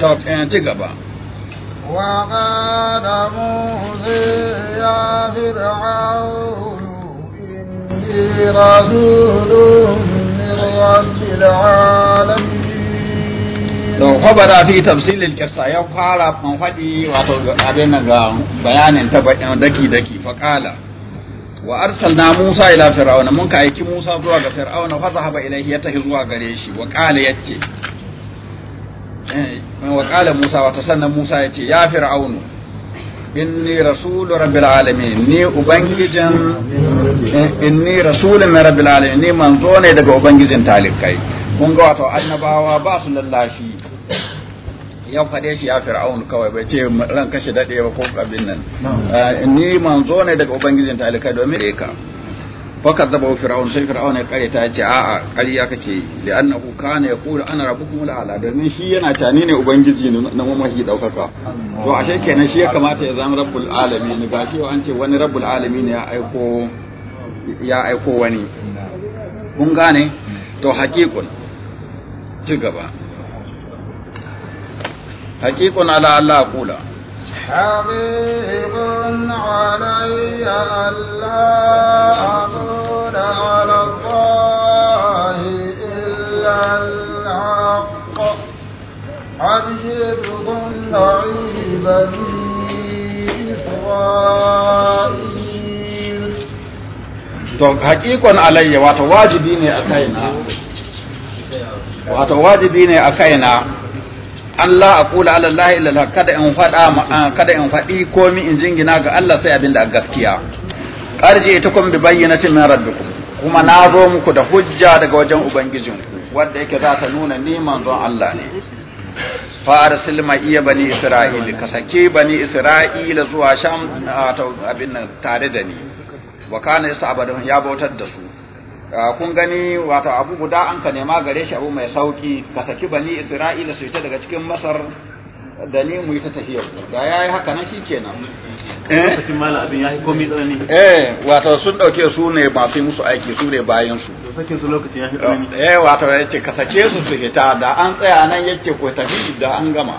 ta ci gaba وقال موسى ya fi إني رسول من رب العالمين don kwabara fi tafsilin kisa ya fara fanfaɗi wato abin ga bayanin ta daki daki faƙala wa na Musa ila fir'auna mun ka aiki Musa zuwa ga fir'auna fa haɓa ilaihi ya tafi zuwa gare shi wa qala yace Eh, wa qala Musa wa sannan Musa yace ya fir'aunu inni rasulu rabbil alamin ni ubangijin eh, inni rasulun rabbil alamin ni manzo ne daga ubangijin talikai kun ga wato annabawa ba su lallashi ya shi ya fir'aun kawai bai ce ran kashe dade ba ko abin nan eh, ni manzo ne daga ubangijin talikai domin eka. fakar zaba wa fir'aun sai fir'aun ya kare ta ce a'a ƙarya kake da annahu kana ya kula ana rabbukum ala domin shi yana tani ne ubangiji na mamaki daukaka to ashe kenan shi ya kamata ya zama rabbul alamin ga shi an ce wani rabbul alamin ya aiko ya aiko wani kun gane to haqiqun ci gaba haqiqun ala Allah kula حبيب علي ألا أقول على الله إلا الحق قد جئت to hakikon alayya wato wajibi ne a kaina wato wajibi ne a kaina Allah a ala Allah ilala kada in faɗa ah, kada in faɗi komi in jingina ga Allah sai abinda a gaskiya arji ita kuma bi bayyinatin min rabbikum kuma na zo muku da hujja daga wajen ubangijinku wadda yake za ta nuna ni manzon Allah ne fa arsil ma iya bani isra'il ka sake bani isra'ila zuwa sham ah, abin tare da ni wa kana abadan ya bautar da su Ah, kun gani wato abu guda an ka nema gare shi abu mai sauki ka saki bani isra'ila su fita daga cikin masar da ni mu yi ta tafiyar da ya yi haka nan shi kenan eh? Eh? lokacin mala abin ya yi tsanani eh wato sun dauke su ne masu yi musu aiki su ne bayan su sakin su lokacin ya yi tsanani eh, eh wato yace ka sake su su fita da an tsaya nan yace ko tafi da an gama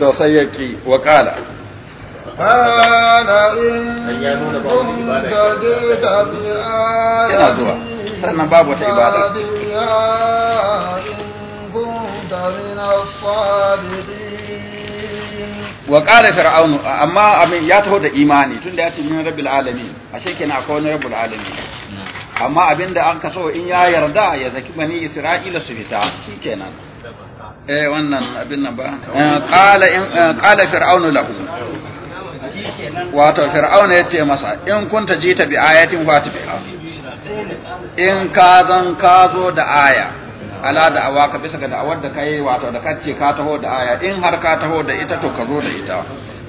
to sai yake wakala قال إن كنت جئت بآية sannan babu wata ibada wa qala fir'aunu amma amin ya taho da imani tunda ya ce min rabbil alamin ashe kenan akwai wani rabbul alamin amma abinda an kaso in ya yarda ya zaki bani isra'ila su fita shikenan eh wannan abin nan ba eh, qala eh, qala fir'aunu lahu wato ya yace masa in kunta jita bi ayatin fatiha in ka zan ka zo da aya ala da awa ka bisa ga da'awar da kai wato da kace ka taho da aya in har ka taho da ita to ka zo da ita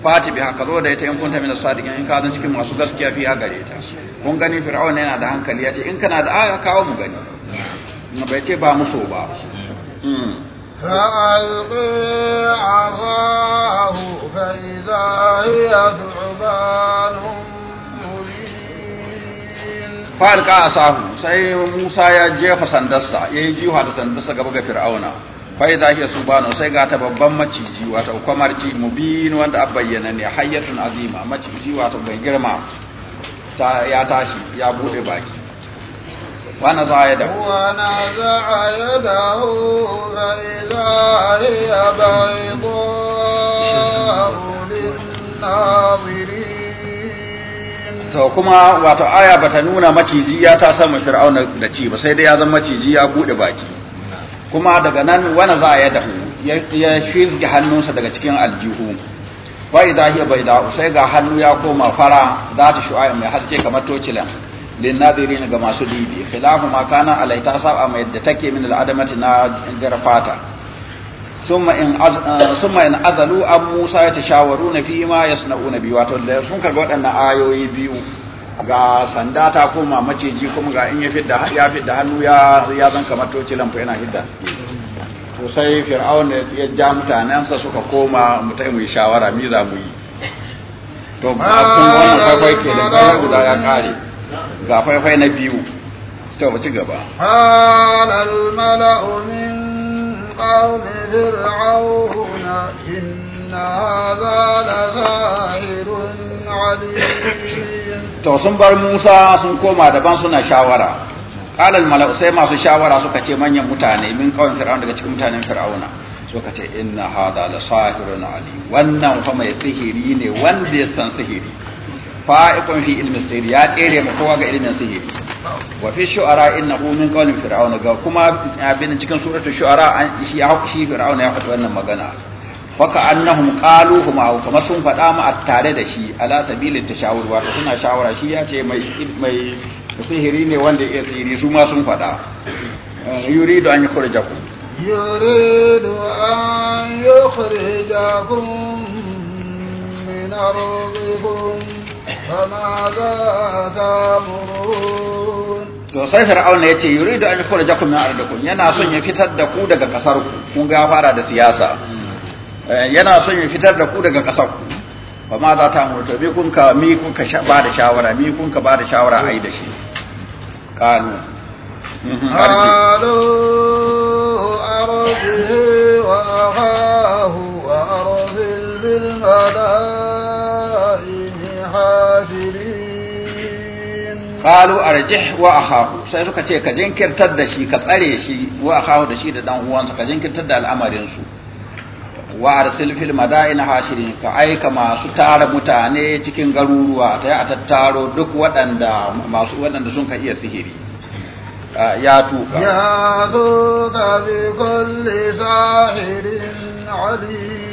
fati biha ka zo da ita in ta min sadiqin in ka zan cikin masu gaskiya fi gare ta kun gani fir'aun yana da hankali ce in kana da aya kawo mu gani na bai ce ba muso ba فألقي عصاه فإذا هي ثعبان a asahu sai Musa ya jefa sandarsa ya yi jiwa da sandarsa gaba ga Fir'auna fai za ke bano sai ga ta babban maciji wato kwamarci mubin wanda abayyana ne hayyatun azima maciji wata bai girma ta ya tashi ya bude baki wana za ya da wana to kuma wato aya bata nuna maciji ya ta sama fir'auna da ci ba sai dai ya zama maciji ya bude baki kuma daga nan wani za a yi da ya shizge hannunsa daga cikin aljihu fa idza hiya da sai ga hannu ya koma fara za ta mai haske kamar tocilan lin nadirin ga masu dibi khilafu ma kana alaita sab'a mai da take min al'adamati na garfata Uh, summa in azalu an musa ya tashawaru na fi ma ya suna una biyu wato da sun kaga waɗannan ayoyi biyu ga sanda ta koma maciji kuma ga in ya fidda ya fidda hannu ya ya zan kamar toci lamfa yana hidda to sai fir'aun ya ja mutanensa suka koma mu tai shawara mi za mu yi to ba kun wannan kai ke da kai guda ya kare ga faifai na biyu to ba ci gaba al min قول فرعون إن هذا لساهر عليم to sun bar Musa sun koma daban suna shawara qalal mala'u sai masu shawara suka ce manyan mutane min kawai fir'auna daga cikin mutanen fir'auna suka ce inna hadha la sahirun ali wannan fa mai sihiri ne wanda ya san sihiri fa'iqun fi ilmi sihir ya tsere ma kowa ga ilmin sihir wa fi shu'ara innahu min qawli fir'auna ga kuma abin cikin suratul shu'ara an shi shi fir'auna ya fata wannan magana faka annahum qalu huma kuma sun faɗa ma a tare da shi ala sabilin tashawur wa suna shawara shi ya ce mai mai sihiri ne wanda ya sihiri su ma sun faɗa yuridu an yukhrijakum yuridu an yukhrijakum min ardikum فماذا تأمرون to sai fir'auna yace yuridu an jakum min ardikum yana son ya fitar da ku daga kasar ku kun ga fara da siyasa eh, yana son ya fitar da ku daga kasar ku fa ma za ta mutu bi kun ka mi kun ka ba da shawara mi kun ka ba da shawara ai da shi qalu qalu mhm, wa ahahu wa arbil bil madad qalu arjih wa akahu sai suka ce ka jinkirtar da shi ka tsare shi wa akahu da shi da dan uwansa ka jinkirtar da al'amarin su wa arsil fil madaina hashirin ka aika masu tara mutane cikin garuruwa ta a tattaro duk waɗanda masu waɗanda sun ka iya sihiri ya tuka ya zo bi kulli sahirin alim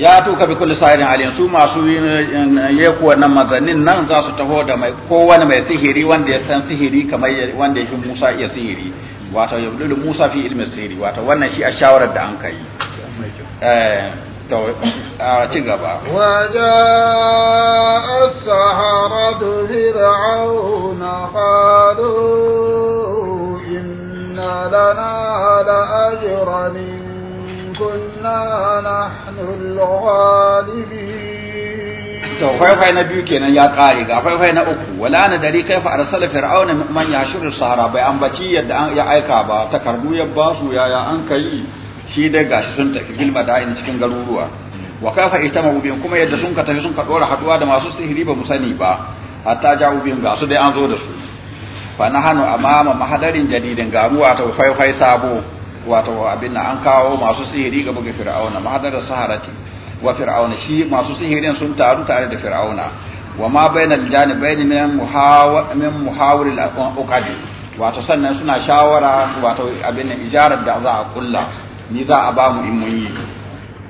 ya tuka bi kulli sahirin alim su masu yeku wannan mazanin nan za su taho da mai kowane mai sihiri wanda ya san sihiri kamar wanda yake Musa iya sihiri wato bulu Musa fi ilmi sihiri wato wannan shi a shawarar da an kai eh to a ci gaba wa ja'a as-saharatu fir'auna qalu inna lana la ajran كنا نحن na biyu kenan ya kare ga faifai na uku wala na dari kai fa arsala fir'auna man yashur sahara bai ambaci yadda ya aika ba takardu ya basu yaya an kai shi da gashi sun tafi gilma da cikin garuruwa wa kafa ijtamu bihim kuma yadda sun ka tafi sun ka dora haduwa da masu sihiri ba mu sani ba hatta ja'u bihim ga su dai an zo da su fa nahanu amama mahadarin jadidin garuwa ta faifai sabo wato abin na an kawo masu sihiri ga buga fir'auna mahadar saharati wa fir'auna shi masu sihirin sun taru tare da fir'auna wa ma bainal janibaini min muhawa min muhawiril uqadi wato sannan suna shawara wato abin na ijarar da za a kulla ni za a ba mu in mun yi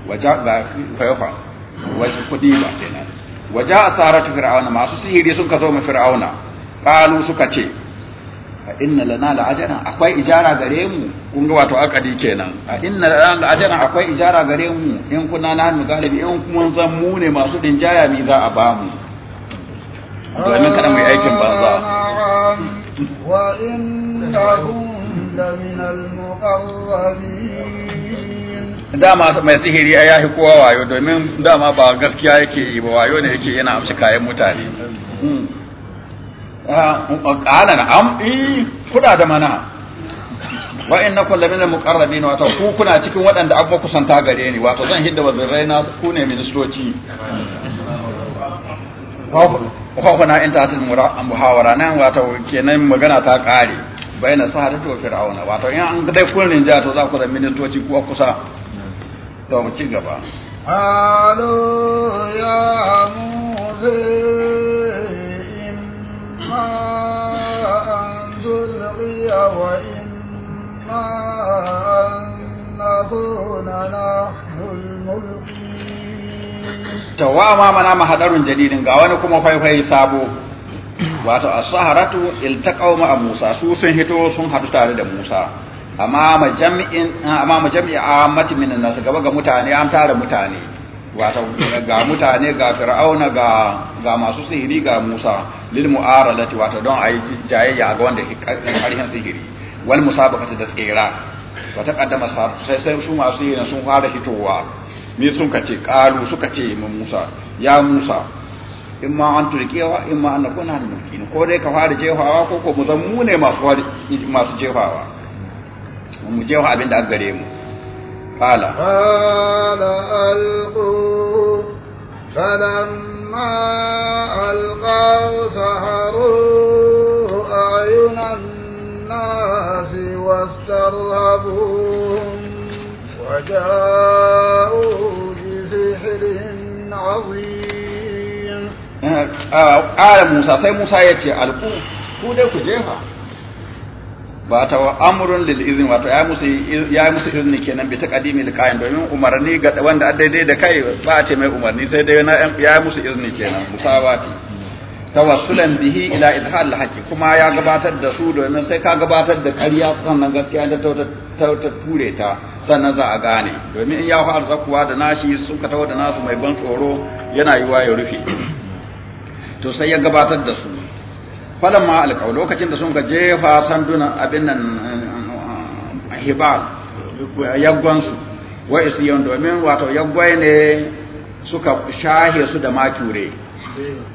waja ga kayofa waje kudi ba kenan waja asaratu fir'auna masu sihiri sun ka zo mu fir'auna qalu suka ce a inna lana la'ajana akwai ijara gare mu kun ga wato akadi kenan a inna lana la'ajana akwai ijara gare mu in kuna na hannu galibi in kuma zan mu ne masu dinjaya mi za a ba mu domin kada mai aikin za wa min al muqarrabin dama mai sihiri ya yi kowa wayo domin dama ba gaskiya yake yi ba wayo ne yake yana amshi kayan mutane hmm. qala am eh kuna da mana wa innakum lamina muqarrabin wata ku kuna cikin waɗanda abba kusanta gare ni wato zan hidda wazirai na ku ne ministoci wa kuna in ta muhawara nan wato kenan magana ta na bayna sahadatu wa fir'auna wato in an dai kun rinja to za ku zan ministoci ku kusa to mu ci gaba قالوا يا أن تلقي وإما أن نكون نحن الملقين ma ما منا جديد ga wani kuma faifai sabo wato as-saharatu iltaqaw a Musa su sun hito sun hadu tare da Musa amma majami'in amma majami'a amati minan nasu gaba ga mutane an tara mutane wato ga mutane ga fir'auna ga ga masu sihiri ga Musa lil mu'aralati wato don ayi jayayya ga wanda karhin sihiri wal musabaqati da tsira wa taqaddama sai sai su masu sihirin sun fara hitowa me sun kace qalu suka ce mu Musa ya Musa in ma an turkewa in ma an kuna da mulki ko dai ka fara jefawa ko ko mu zan mu ne masu masu jefawa mu jefa abin da aka gare mu قال قال ألقوا فلما ألقوا سحروا أعين الناس واسترهبوهم وجاءوا بسحر عظيم قال موسى سي موسى يتي ألقوا ku dai ku jefa ba ta wa amrun lil izin wato ya musu ya musu izini kenan bi taqdimi lil qaim domin umarni ga wanda a daidai da kai ba a ce mai umarni sai dai na ya musu izini kenan musawati tawassulan bihi ila idhal al haqi kuma ya gabatar da su domin sai ka gabatar da ƙarya sannan gaskiya da ta ture ta sannan za a gane domin in ya fa arzakuwa da nashi ka tawo da nasu mai ban tsoro yana yiwa ya rufe to sai ya gabatar da su falan ma alƙawu lokacin da sun ka jefa sanduna abin nan a eh, eh, hibal yaggonsu wa yawon domin wato yaggwai ne suka shahe su da makure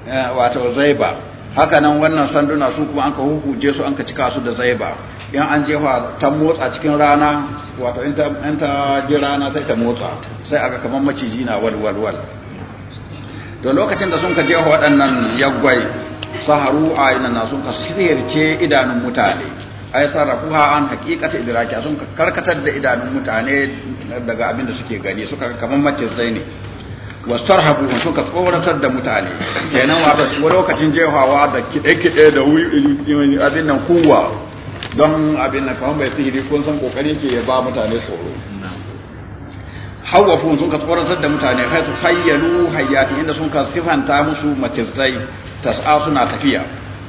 eh, wato zaiba hakanan Hakanan wannan sanduna su kuma an ka hukuje su an ka cika su da zaiba Yan an jefa ta motsa cikin rana wato in ta ji rana sai ta motsa sai aka kamar maciji na walwalwal to lokacin da sun ka je waɗannan yaggwai saharu a na sun ka sirce idanun mutane ai ha an haqiqata idraki sun ka karkatar da idanun mutane daga abin da suke gani suka kaman mace zai ne wastarhabu sun ka tsoratar da mutane kenan wa lokacin jefawa da kide-kide da abin nan kuwa don abin nan kawai bai sihiri kun san kokari ke ya ba mutane tsoro hawafun sun ka tsoratar da mutane kai su hayyalu hayyati inda sun ka sifanta musu macizai tas'a suna tafiya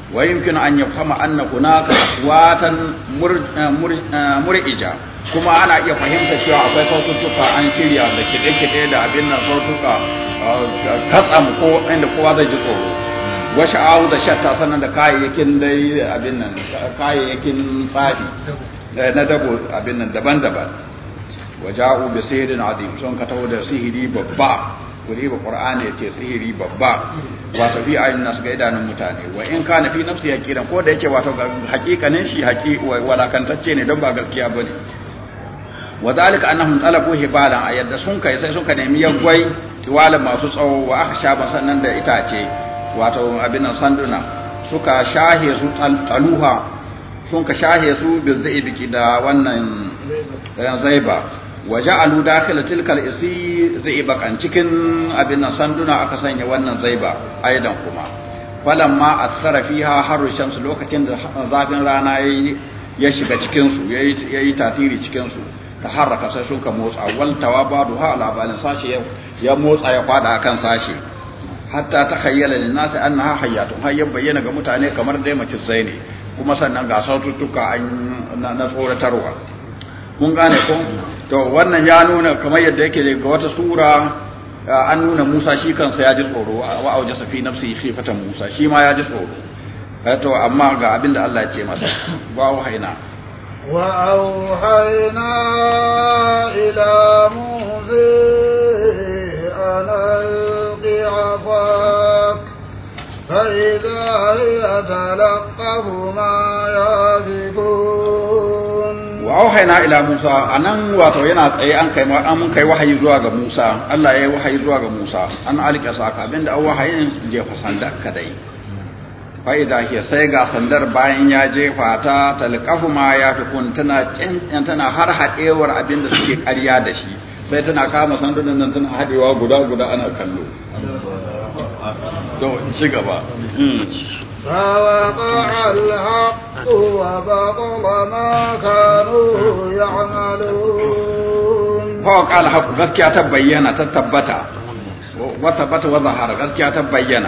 wa yumkinu an yafhama anna hunaka aswatan eh, eh, mur'ija kuma ana iya fahimta cewa akwai sautuka an shirya da kide-kide da abin nan sautuka eh, katsam ko inda kowa zai ji tsoro wa sha'awu da shatta sannan da kayayyakin dai abin nan kayayyakin tsafi na dabo abin nan daban-daban waja'u bi sihirin adim sun ka taho da sihiri babba kuri ba qur'ani yace sihiri babba wato bi ayin nas ga idanun mutane wa in kana fi nafsi yaqiran ko da yake wato hakikanin shi haqi walakantacce ne don ba gaskiya bane wa zalika annahum talabu hibalan ayadda sun kai sai sun ka nemi yagwai tiwala masu tsawo wa akhsha ban sannan da itace wato abin sanduna suka shahe su taluha sun ka shahe su bil zaibi da wannan eh, zaiba Waje waja'alu dakhil tilkal isi bakan cikin abin nan sanduna aka sanya wannan zaiba aidan kuma ma asara fiha haru shams lokacin da zafin rana yayi ya shiga cikin su yayi yayi tasiri cikin su ta haraka sai sun ka motsa wal tawabadu ha ala balin sashi ya motsa ya kwada akan sashi hatta takhayyala lin nasi annaha hayatun har ya bayyana ga mutane kamar dai mace sai ne kuma sannan ga sautuka an na tsoratarwa kun gane ko to wannan ya nuna kamar yadda yake ga wata sura eh, an nuna Musa shi kansa ya ji tsoro wa auja safi nafsi fata Musa shi ma ya ji tsoro eh, to amma ga abin da Allah ya ce masa wa wahaina wa auhayna ila muzi an alqi afak fa idha ma na ila Musa anan wato yana tsaye an kai an kai wahayi zuwa ga Musa Allah ya yi wahayi zuwa ga Musa an alƙa saka abinda an wahayin jefa sandar kadai fa idza sai ga sandar bayan ya jefa ta talqafu ma ya kun tana tana har hadewar abinda suke ƙarya da shi sai tana kama sandunan nan tana hadewa guda guda ana kallo to ci gaba hmm. وبطل ما كانوا يعملون فوق الحق غسكي تبين تتبتا وتبت وظهر غسكي تبين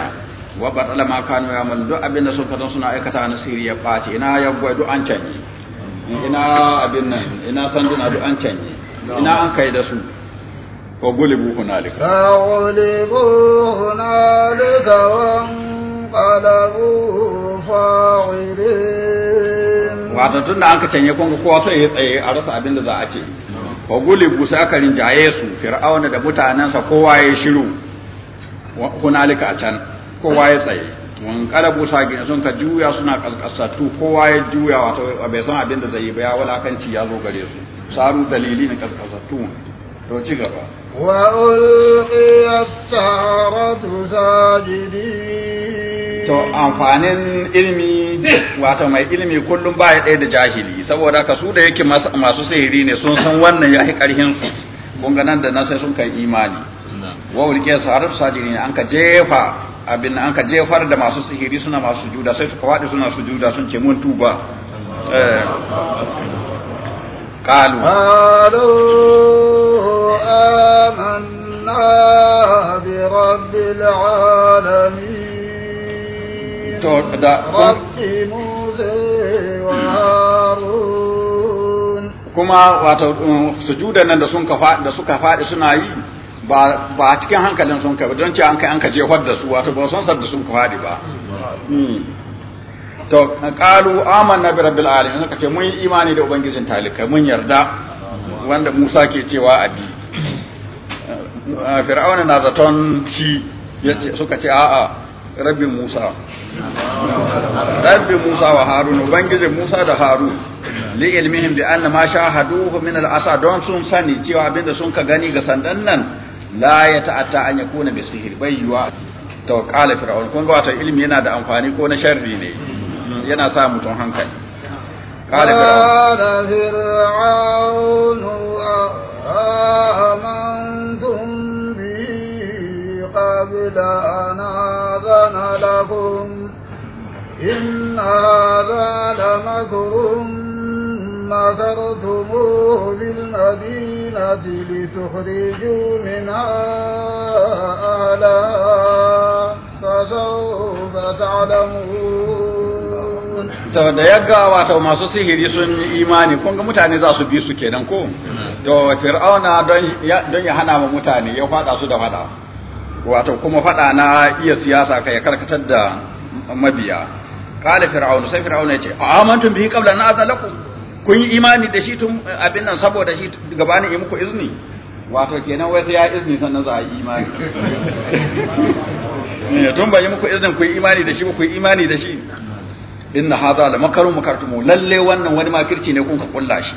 وبطل ما كانوا يعملون دو أبن سنك سنة إكتا نسيري يباتي إنا يبوي دو أنشاني إنا أبن إنا سندنا دو أنشاني إنا أنكي دسو وغلبوا هنالك فغلبوا هنالك وانقلبوا فاغرين tun da an ka canye kwanga kowa sai ya tsaye a rasa abin da za a ce wa gulibu busa aka rinjaye su fir'auna da mutanensa kowa ya shiru hunalika a can kowa ya tsaye kada busa gina sun ka juya suna kaskasattu kowa ya juya wato bai san abin da zai yi ba ya walakanci ya zo gare su saru dalili na kaskasattu to ci gaba wa ulqiya to amfanin ilimi wato mai ilimi kullum ba ya ɗaya da jahili saboda ka su da yake masu sihiri ne sun san wannan ya yi ƙarhin su kun ga nan da nan sai sun kai imani wa ulqiya sarif sajidin an ka jefa abin an ka jefar da masu sihiri suna masu juda sai suka wadi suna su juda sun ce mun tuba eh qalu kuma wato um, sujudan nan da sun kafa da suka fadi suna yi ba ba cikin hankalin sun ka don ce an kai an kaje da su wato ba sun sabda sun ka ba hmm. to qalu amanna bi rabbil alamin kace mun yi imani da ubangijin talika mun yarda wanda Musa ke cewa a bi uh, fir'auna na zaton shi suka ce a'a rabbi Musa Musa wa Harun ubangiji Musa da Harun li ilmihim bi anna ma shahaduhu min al don sun sani cewa abinda sun ka gani ga sandan nan la ya ta'atta an yakuna bi sihir bayyuwa to qala fir'aun kun ga wata ilmi yana da amfani ko na sharri ne yana sa mutum hankali qala fir'aun bi qabla آذن لكم إن هذا لمكر مكرتموه بالمدينة لتخرجوا منها أهلا فسوف تعلمون to da yaga wato masu sihiri sun yi imani kun ga mutane za su bi su kenan ko mm. to fir'auna don ya hana mu mutane ya fada su da fada wato kuma faɗa na iya siyasa kai karkatar da mabiya qala fir'aun sai fir'aun ya ce amantum bihi qabla an azalakum kun yi imani da shi tun abin nan saboda shi gabanin yi muku izini wato kenan wai sai ya izini sannan za a yi imani ne eh, tun bai yi muku izinin ku yi imani da shi ku yi imani da shi inna hadha la makarum makartumu lalle wannan wani makirci ne kun ka kulla shi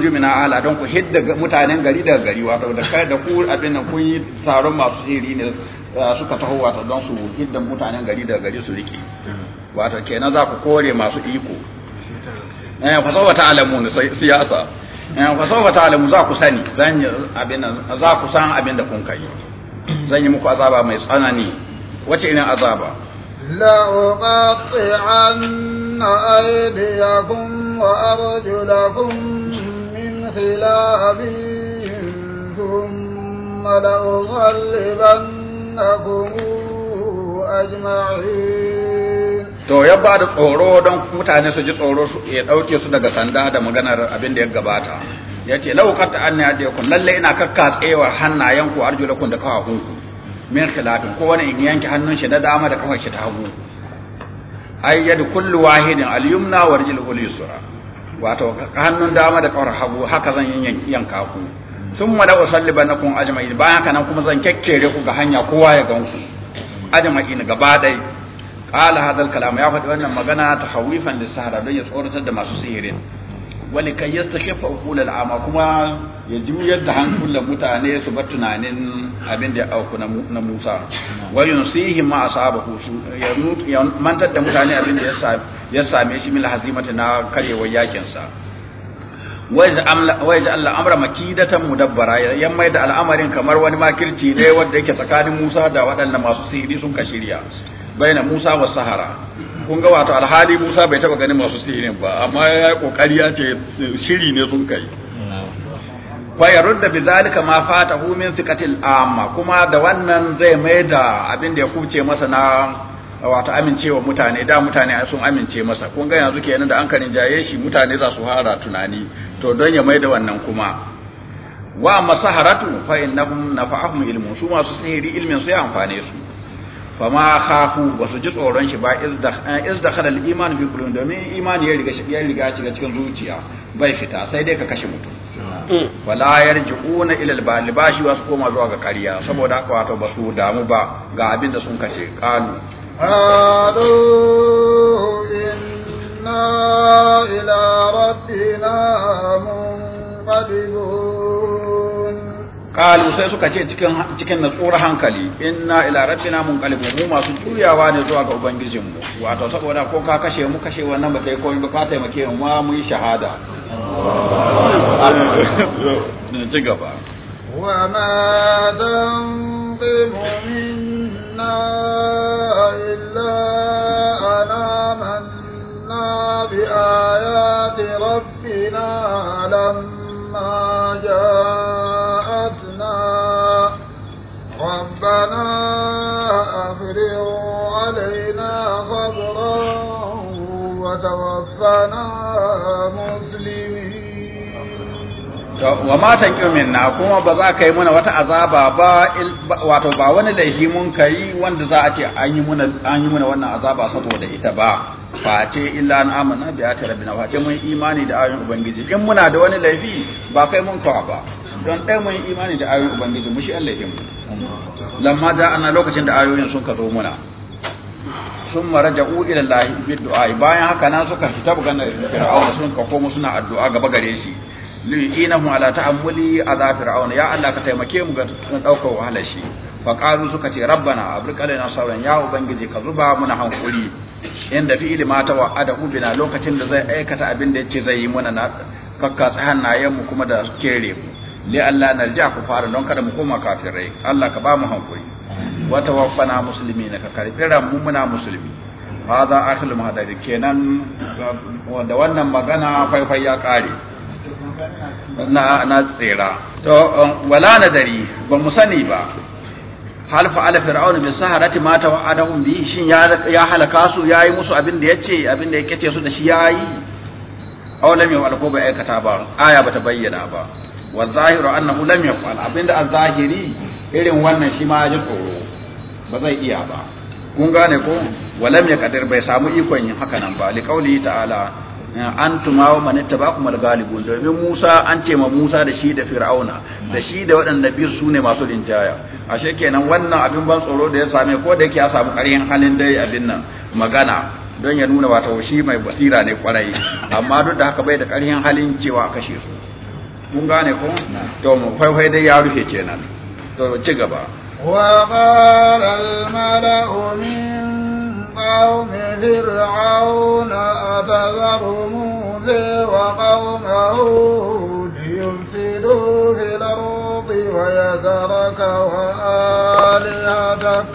jumi na ala don ku hidda mutanen gari daga gari wato da kai da ku abin nan kun yi taron masu siri ne suka taho wato don su hidda mutanen gari daga gari su rike wato kenan za ku kore masu iko eh ku alamu alamun siyasa eh ku sawata alamu za ku sani zan abin nan za ku san abin da kun kai zan yi muku azaba mai tsanani wace irin azaba la uqati'anna aydiyakum وأرجلكم من خلاف ثم لأغلبنكم أجمعين to ya ba da tsoro don mutane su ji tsoro ya ɗauke su daga sanda da maganar abin da ya gabata ya ce laukar ta ya lalle ina kakka tsewar hannayenku arjulakun da kafafunku min khilafin ko wani in yanke hannun shi na dama da kafar shi ta hagu ai kullu wahidin al yumna wa rijlu al yusra wato hannun dama da kawar hagu haka zan yanka ku thumma usalli banakum ajma'in bayan nan kuma zan kekkere ku ga hanya kowa ya ganku ajma'in gaba dai qala hadha al kalam ya faɗi wannan magana tahawifan lis sahara don ya tsoratar da masu sihirin wani kai ya stashe fa'ukular ama kuma ya juyar da hankulan mutane su ba tunanin abin da ya auku na musa wayan sihin ma a saba ya mantar da mutane abin da ya same shi mil hazimata na karyewar yakinsa wai ji Allah amra makidatan mudabbara yan mai da al'amarin kamar wani makirci ne wanda yake tsakanin musa da waɗanda masu sihiri sun ka shirya bayan musa wa sahara kun ga wato alhali Musa bai taba ganin masu sihirin ba amma ya kokari ya ce shiri ne sun kai fa yarudda bizalika ma fatahu min thiqatil amma kuma da wannan zai maida abin da ya kuce masa na wato amincewa mutane da mutane sun amince masa kun ga yanzu kenan da an karin jaye shi mutane za su hara tunani to don ya mai da wannan kuma wa masaharatu fa innahum nafa'ahum ilmun su masu sihiri ilmin su ya amfane su fama khafu ba su ji tsoron shi ba iz eh, halal iman fi kulun domin imani ya riga ya riga shiga cikin zuciya bai fita sai dai ka kashe mutum hmm. wala yarji'una ila al ba shi wasu koma zuwa ga kariya saboda haka wato ba su damu ba ga abin da sun kashe qalu inna ila qalu sai suka ce cikin cikin natsuwar hankali inna ila rabbina munqalibun mu masu juyawa ne zuwa ga ubangijin mu wato saboda ko ka kashe mu kashe wannan ba kai ko ba ka taimake mu ma mu yi shahada ci gaba wa ma dambimu minna rabbina lamma ربنا أفرغ علينا صبرا وتوفنا wa matan tanqimu na kuma ba za ka yi muna wata azaba ba wato ba wani laifi mun kai wanda za a ce an yi muna wannan azaba saboda ita ba face illa an amana bi ayati rabbina face mun imani da ayoyin ubangiji in muna da wani laifi ba kai mun kawa ba don ɗaya mai imanin da ayoyin ubangiji mu shi Allah ya lamma ja ana lokacin da ayoyin sun ka zo muna sun ja'u ila lahi bi du'a bayan haka na suka fita bugana fir'auna sun ka komo suna addu'a gaba gare shi liyinahu ala ta'ammuli ala fir'auna ya Allah ka taimake mu ga ɗaukar wahalar shi fa qalu suka ce rabbana abrik na sauran ya ubangiji ka zuba muna hankuri inda fi ilma ta wa'ada na lokacin da zai aikata abin da yace zai yi muna na fakka hannayen mu kuma da kere mu li Allah narja fara don kada mu koma kafirai Allah ka ba mu hankuri wa tawaffana muslimin ka karbi mu muna musulmi hada akhlu mahadari kenan da wannan magana fai ya kare na na tsira to wala nadari ba mu sani ba hal fa'ala fir'aun bi saharati ma tawa'adahum bi shin ya ya halaka su yayi musu abin da yace abin da yake ce su da shi yayi aw lam yawal ba aikata ba aya bata bayyana ba wa zahiru annahu lam yaf'al abinda azahiri zahiri irin wannan shi ma ya tsoro ba zai iya ba kun gane ko wa lam yaqdir bai samu ikon yin haka nan ba qauli ta'ala antuma wa man tabakumul galibun domin Musa an ce ma Musa da shi da Fir'auna da shi da waɗanda biyu sune masu linjaya ashe kenan wannan abin ban tsoro da ya same ko da yake ya samu ƙaryan halin dai abin nan magana don ya nuna wata shi mai basira ne kwarai amma duk da haka bai da ƙaryan halin cewa kashe su mun gane ko to mu faifai dai ya rufe kenan to ci gaba wa qala mala'u min fir'auna wa qawmahu liyufsidu fil ardi wa yadharaka wa alihatak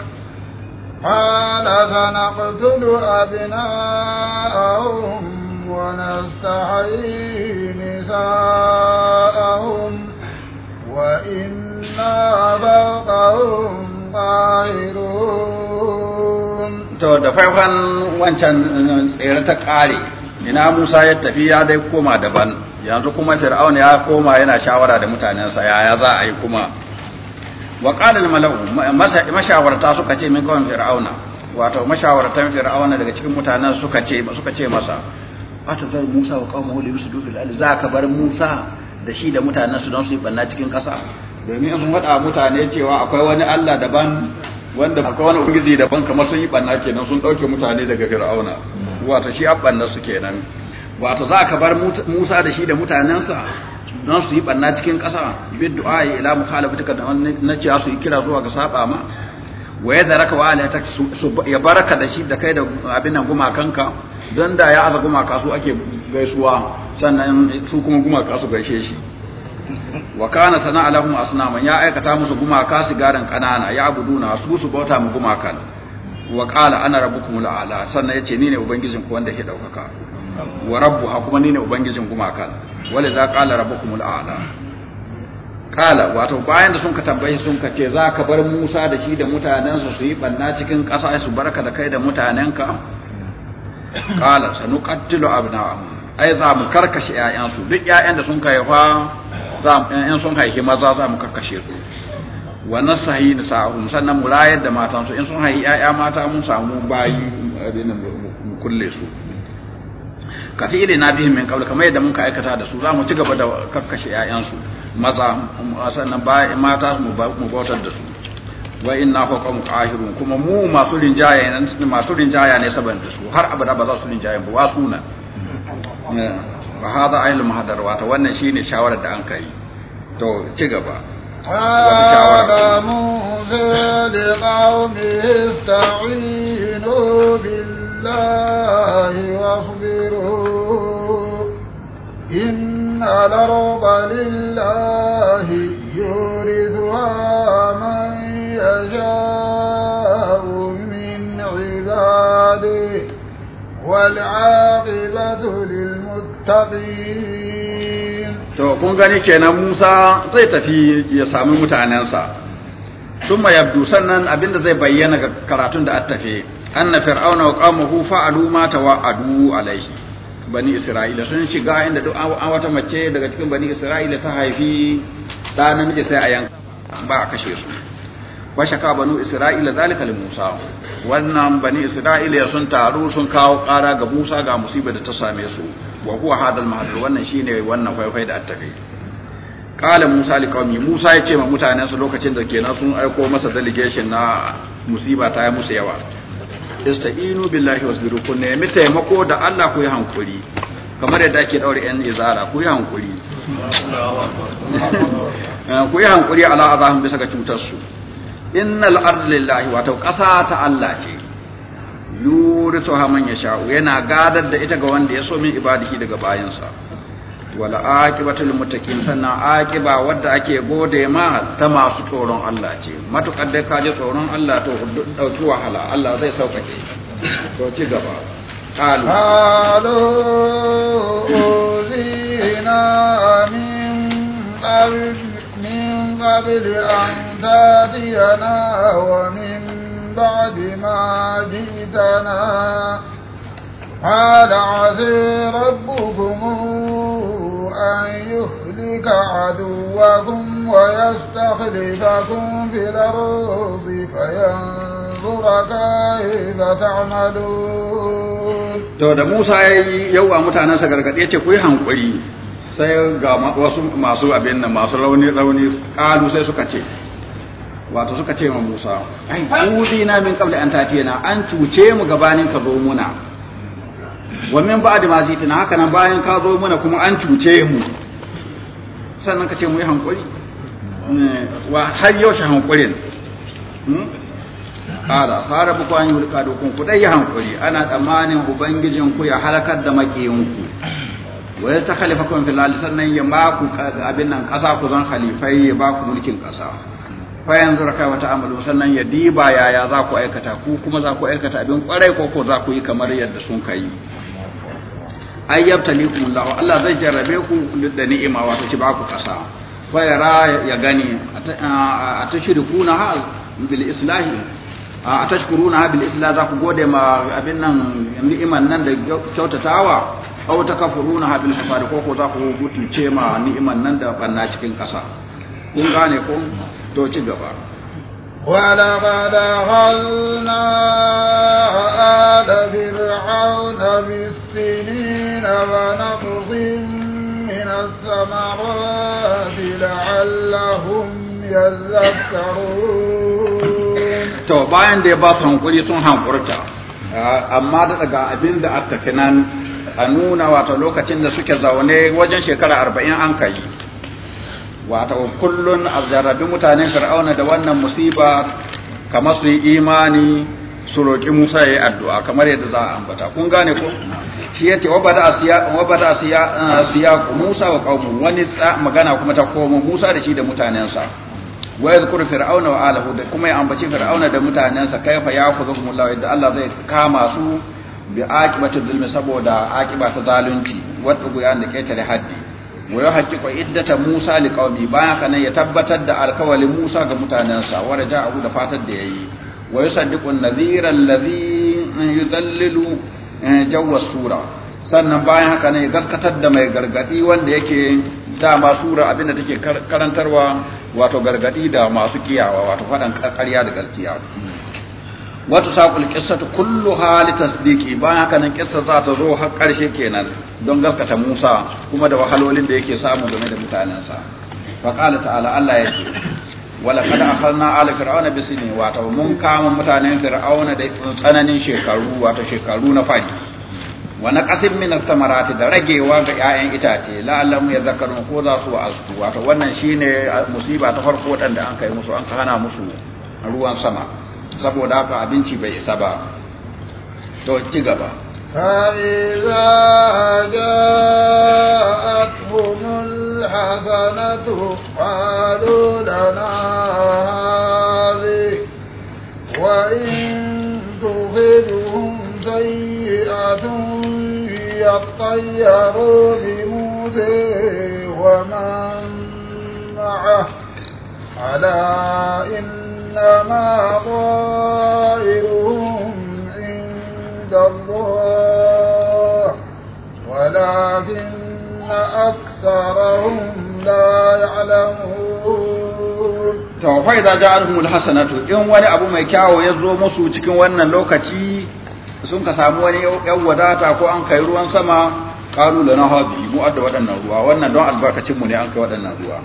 قال سنقتل أبناءهم ونستحيي نساءهم وإنا فوقهم قاهرون to da farkon wancan eh, tsere ta ƙare ina Musa ya tafi ya dai koma daban yanzu kuma Fir'aun ya koma yana shawara da mutanensa yaya za a yi kuma wa qala al-mala'u mashawarta suka ce min kawai Fir'auna wato mashawartan fir'auna daga cikin mutanen suka ce suka ce masa atazar Musa wa qaumahu li yusdu fil ardi za ka bar Musa da shi da mutanen su don su yi banna cikin ƙasa domin in sun faɗa mutane cewa akwai wani Allah daban wanda akwai wani ubangiji daban kamar sun yi banna kenan sun dauke mutane daga fir'auna wato shi abanna su kenan wato za ka bar Musa da shi da sa don su yi banna cikin ƙasa bi du'a ila mukhalafatika da na cewa su yi kira zuwa ga saba ma wa ya raka wa alatak ya baraka da shi da kai da abin nan gumakanka don da ya aza gumaka su ake gaisuwa sannan su kuma gumaka su gaishe shi wa kana sana lahum asnama ya aikata musu gumaka garan kanana ya abuduna su su bauta mu gumakan wa qala ana rabbukum alaa sannan yace ni ne ubangijin ku wanda ke daukaka wa ha kuma ni ne ubangijin gumakan wala za qala rabbukum alaa kala wato bayan da sun ka tambaye sun ka ce za ka bar musa da shi da mutanensa su yi ɓanna cikin ƙasa su barka da kai da mutanenka kala sanu ƙattilo abna ai za mu karkashe 'ya'yansu duk 'ya'yan da sun ka haifa ‘ya'yan sun haifi maza za mu karkashe su wannan sahi na sa'ahun sannan mu rayar da matansu in sun haifi ‘ya'ya mata mun samu bayi mu kulle su ka fi ilina bihin min kabla kamar yadda mun ka aikata da su za mu ci gaba da karkashe ‘ya'yansu maza sannan mata mu bautar da su wa inna hukum qahirun kuma mu masu rinjaya ne masu rinjaya ne saboda su har abada ba za su rinjaya ba na fa hada ayyul mahadar wata wannan shine shawarar da an kai to ci gaba Adamu zai qawmi ista'inu billahi wa على الأرض لله يورثها من يشاء من عباده والعاقبة للمتقين to kun gani kenan Musa zai tafi ya sami mutanensa summa yabdu sannan abinda zai bayyana ga karatun da attafe anna fir'auna wa qawmuhu fa'alu ma tawa'adu alaihi bani isra'ila sun shiga inda duk an wata mace daga cikin bani isra'ila ta haifi da namiji sai a yanka ba a kashe su wa ka banu isra'ila zalika li musa wannan bani isra'ila sun taru sun kawo kara ga musa ga musiba da ta same su wa huwa hadal mahdur wannan shine wannan faifai da attafi qala musa li qaumi musa ya ce ma sa lokacin da kenan sun aiko masa delegation na musiba ta yi musu yawa ista'inu billahi wasbiru ku nemi taimako da Allah ku yi hankuri kamar yadda ake daure yan izara ku yi hankuri ku yi hankuri ala azahum bisa ga cutar su innal ardi lillahi wato ƙasa ta Allah ce yurisu man yasha yana gadar da ita ga wanda ya so min ibadihi daga bayansa wala aqibatul muttaqin sanna aqiba wadda ake gode ma ta masu tsoron Allah ce matukar da ka ji tsoron Allah to dauki wahala Allah zai saukake to ci gaba qalu qalu zina min qabl min qabl an tadiyana wa min بعد ma جئتنا hada azir rabbukum أن يهلك عدوكم ويستخلفكم في الأرض فينظر كيف تعملون to da Musa yayi yawa mutanansa gargadi yace ku yi hankuri sai ga wasu masu abin nan masu rauni rauni kalu sai suka ce wato suka ce ma Musa ai udina min qabla an tatiyana an cuce mu gabanin ka zo muna wa min ba'di ma jitina haka nan bayan ka zo muna kuma an cuce mu sannan ka ce mu yi hankuri eh, wa har yau shi hankurin hmm? ƙara fara an yi dokun ku dai yi hankuri ana tsammanin ubangijinku ya halakar da maƙiyinku wa ya ta khalifa kuma sannan ya ba ku abin nan ƙasa ku zan khalifai ya ba ku mulkin ƙasa fayan zura kai wata amalu sannan ya diba yaya za ku aikata ku kuma za ku aikata abin kwarai ko ko za ku yi kamar yadda sun kai. Ai ay yabtalikum Allah Allah zai jarrabe ku da ni'ima wa shi ba ku kasa fa yara ya gani atashirikuna ha bil islahi atashkuruna bil islah za ku gode ma abin nan ni'iman nan da kyautatawa aw takfuruna bil fasad ko ko za ku ce ma ni'iman nan da banna cikin kasa kun gane ko to ci gaba ولقد أخذنا آل فرعون بالسنين ونقص من الثمرات لعلهم يذكرون تو bayan da ya ba su hankuri sun hankurta amma da daga a nuna wata lokacin da suke zaune wajen shekara arba'in an kai wata kullun a jarrabi mutanen fir'auna da wannan musiba kamar su yi imani su roƙi musa ya yi addu'a kamar yadda za a ambata kun gane ko shi ya ce wabata siyaku musa wa ƙaunin wani magana kuma ta komo musa da shi da mutanensa Wai zukur fir'auna wa alahu da kuma ya ambaci fir'auna da mutanensa kaifa ya ku zuku mullawa yadda allah zai kama su bi aƙibatun zulmi saboda aƙiba ta zalunci wadda guyan da ƙetare haddi wa ya haƙiƙa iddata Musa li qaumi bayan kana ya tabbatar da alkawalin Musa ga mutanensa wa raja'ahu da fatar da yayi wa yusaddiqu an-nadhira alladhi eh, yudallilu eh, jawwa sura sannan bayan haka ne gaskatar da mai gargadi wanda yake dama sura abinda take karantarwa wato gargadi da masu kiyawa wato faɗan ƙarya da gaskiya wata saƙul ta kullu hali tasdiki bayan haka nan ƙissa za ta zo har ƙarshe kenan don gaskata Musa kuma da wahalolin da yake samu game da mutanensa fa qala ta'ala Allah ya ce wala kad akhalna ala fir'auna bisini wata mun kama mutanen fir'auna da tsananin shekaru wato shekaru na fadi wa naqasim min ath da ragewa ga 'ya'yan itace ya yadhakkarun ko za su wa'azu wato wannan shine musiba ta farko wadanda an kai musu an hana musu ruwan sama saboda haka abinci bai isa ba to ci gaba فإذا جاءتهم الحسنة قالوا لنا هذه وإن تخذهم سيئة يطيروا بموسى ومن معه ألا إن إنما طائرهم عند الله ولكن أكثرهم لا يعلمون to fa idza ja'alhumul hasanatu in wani abu mai kyawo ya zo musu cikin wannan lokaci sun ka samu wani yan wadata ko an kai ruwan sama qalu lana habi mu adda waɗannan ruwa wannan don albarkacin mu ne an kai waɗannan ruwa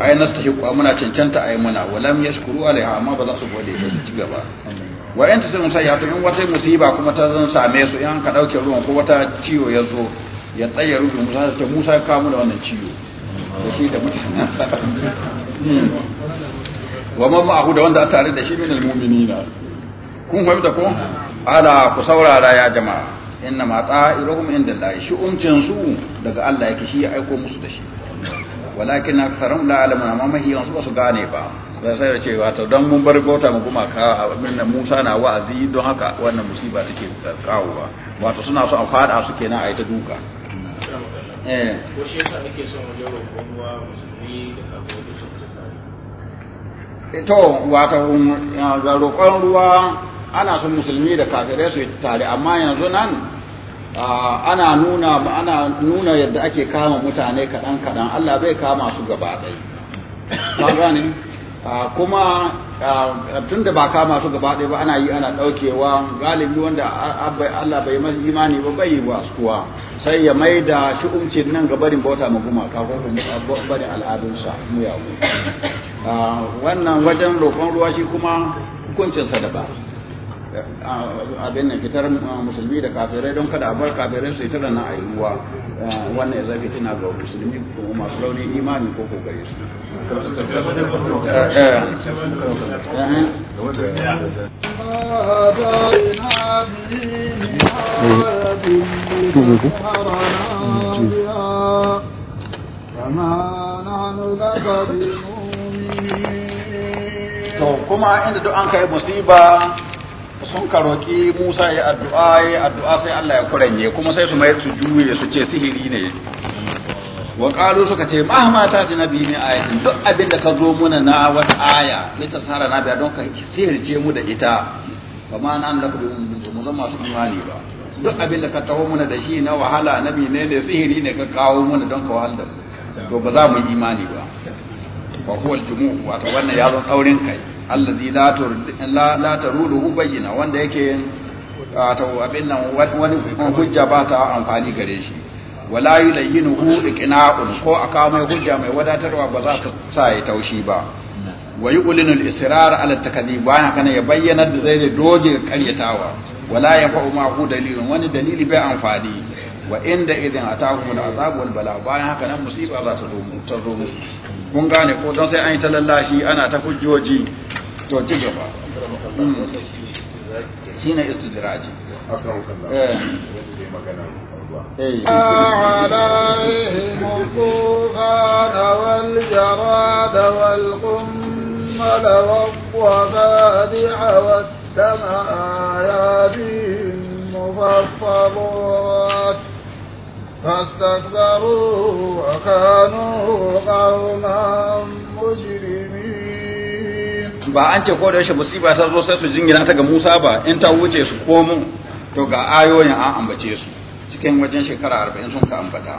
ai nastahiqu muna cancanta ai muna walam yashkuru alaiha amma ba za su gode ba su ci gaba wa yanta sai musa ya in wata musiba kuma ta zan same su in ka dauke ruwan ko wata ciwo ya zo ya tsaye rubu musa ta musa ya kawo da wannan ciwo da shi da mutane hmm. wa mamma ahu da wanda tare da shi minal mu'minina kun fahimta ko ala ku saurara ya jama'a inna ma ta'iruhum inda Allah shi umcin su daga Allah yake shi ya aiko musu da shi walakin aktharum la alamun amma mahi yansu ba su gane ba sai da cewa to dan mun bar bauta mu kuma ka minna Musa na wa'azi don haka wannan musiba take kawowa wato suna so an fada su kenan a yi ta duka eh ko shi yasa nake so mu je roƙon ruwa musulmi da kafiri su wata to wato um, roƙon ruwa ana son musulmi da kafirai su yi tare amma yanzu nan Ah, ana nuna ana nuna yadda ake kama mutane kaɗan kaɗan Allah bai kama su gaba ɗaya ka gane ah, kuma ah, tun da ba kama su gaba ɗaya ba ana yi ana ɗaukewa galibi wanda Allah bai masa imani ba bai wa kuwa sai ya mai da shi'umcin nan ga barin bauta ma gumaka al'adunsa mu yawo wannan wajen roƙon ruwa shi kuma hukuncinsa da ba abin nan fitar uh, musulmi da kafirai don kada a bar kafirai su yi tara na aiwuwa uh, wannan ya zafi tana ga musulmi ko masu launin imani ko ko gare su uh, to kuma inda duk an kai musiba sun karoki Musa ya addu'a ya addu'a sai Allah ya kuranye kuma sai su mai su juye su ce sihiri ne wa qalu suka ce mahma ta ji nabi ne ayatin duk abin da ka zo muna na wata aya ne ta tsara na biya don ka sihirce mu da ita ba ma nan da kuma mu zama masu imani ba duk abin da ka taho muna da shi na wahala na ne sihiri ne ka kawo muna don ka wahala to ba za mu yi imani ba wa huwa al-jumu' wato wannan ya zo kaurin kai allazi la taruduhu bayyina wanda yake ta abin nan wani hujja ba ta amfani gare shi wala yulayyinuhu iqna'un ko aka mai hujja mai wadatarwa ba za ta sa ya taushi ba wa ulinul israr ala takdhib bayan kana ya bayyana da zai doje karyatawa wala fa'u ma hu dalilun wani dalili bai amfani wa inda idan atahum al'azab wal bala bayan haka nan musiba za ta zo zo musu kun gane ko don sai an yi ta lallashi ana ta hujjoji to ci gaba hmm. shine istidraji eh عليهم الطوفان والجراد والقمل والضفادع والدم آيات مفصلات فاستكبروا وكانوا قوما مجرمين ba an ce ko da yashe musiba ta zo sai su jingina ta ga Musa ba in ta wuce su komo to ga ayoyin an ambace su cikin wajen shekara 40 sun ka ambata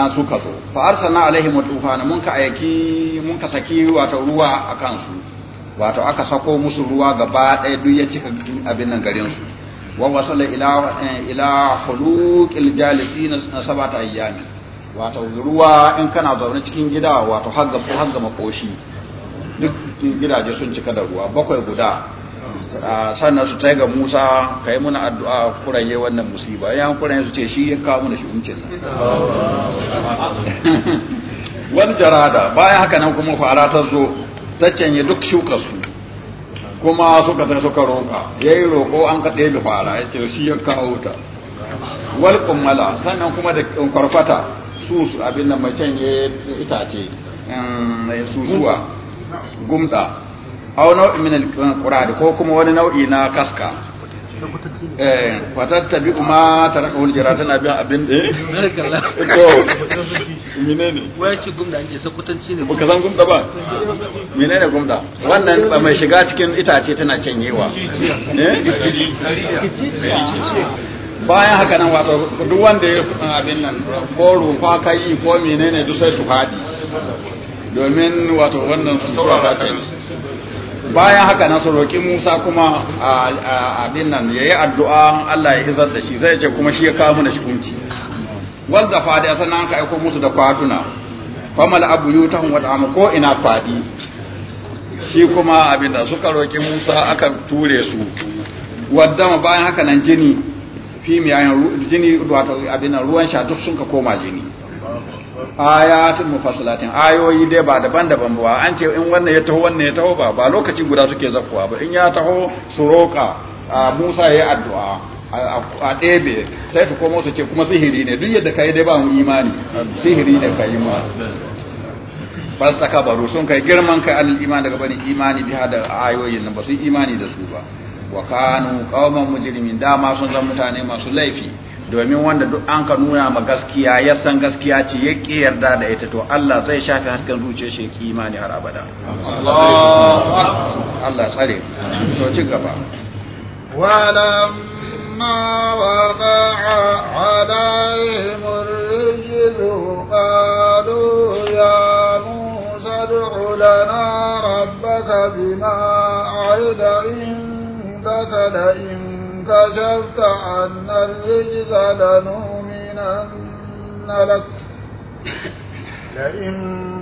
an su ka zo fa arsalna alaihim tufana mun ka ayaki mun ka saki wato ruwa akan su wato aka sako musu ruwa gaba ɗaya duk ya cika abin nan garin su wa wasala ila eh, ila khuluqil jalisin sabata ayyami wato ruwa in kana zaune cikin gida wato har ga har makoshi duk gidaje sun cika da ruwa bakwai guda ah, sannan su ga Musa kai muna addu'a kuraye wannan musiba yan kuraye su ce shi ya kawo mana shi umce wani jarada bayan haka nan kuma fara ta zo ta canye duk shukarsu. su kuma suka ta suka roƙa ya yi roƙo an ka da fara ya ce shi ya kawo ta wal kummala sannan kuma da kwarfata su abin da macen ya itace eh, susuwa gumda au nau'i min al ko kuma wani nau'i na kaska eh watatta bi ma taraka wal jira tana bin abin eh to menene wai ki gumda an ce sakutanci ne baka san gumda ba menene gumda wannan ba mai shiga cikin itace tana canyewa eh bayan haka nan wato duk wanda ya abin nan ko rufa kai ko menene duk sai su fadi domin wato wannan sura ta ce bayan haka nan su roƙi Musa kuma abin nan yayi addu'a Allah ya izar da shi zai ce kuma shi ya kawo mana shi kunci wal da fadi sanan ka aiko musu da kwatuna famal abuyutahum wa da'am ko ina fadi shi kuma abin da suka roƙi Musa aka ture su wadda bayan haka nan jini fi jini wato abin ruwan sha duk sun ka koma jini ayatun mufassalatin ayoyi dai ba daban-daban ba an ce in wannan ya taho wannan ya taho ba ba lokaci guda suke zakkuwa ba in ya taho su roƙa Musa ya addu'a a ɗebe sai su komo su ce kuma sihiri ne duk yadda kai dai ba mu imani sihiri ne kai ma fasta baro sun kai girman kai an imani daga bani imani biya da ayoyin nan ba su imani da su ba wa kanu qauman mujrimin dama sun zama mutane masu laifi domin wanda duk an ka nuna ma gaskiya ya san gaskiya ce ya ƙi yarda da ita to Allah zai shafi hasken zuciya shi ki imani har abada Allah tsare to ci gaba ولما musa عليهم الرجل قالوا يا موسى ادع لنا ربك بما عهد da in. كشفت عنا الرجز لنؤمنن لك لئن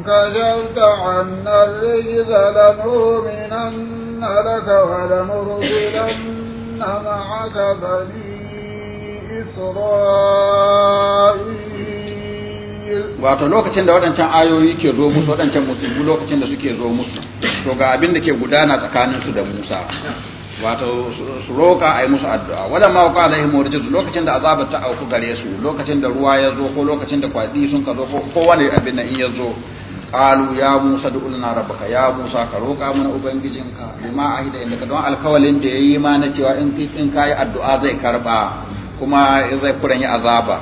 كشفت عنا الرجز لنؤمنن لك ولنرسلن معك بني إسرائيل wato lokacin da waɗancan ayoyi ke zo musu waɗancan musulmi lokacin da suke zo musu to ga abin da ke gudana tsakaninsu da musa wato su roka ai musu addu'a wadan ma ka alaihi lokacin da azabar ta auku gare su lokacin da ruwa ya zo ko lokacin da kwadi sun ka zo ko wani abin nan in ya zo qalu ya musa du lana rabbaka ya musa ka roka mana ubangijinka a ahida inda ka don alkawalin da yayi ma na cewa in kin kai addu'a zai karba kuma zai kuranye azaba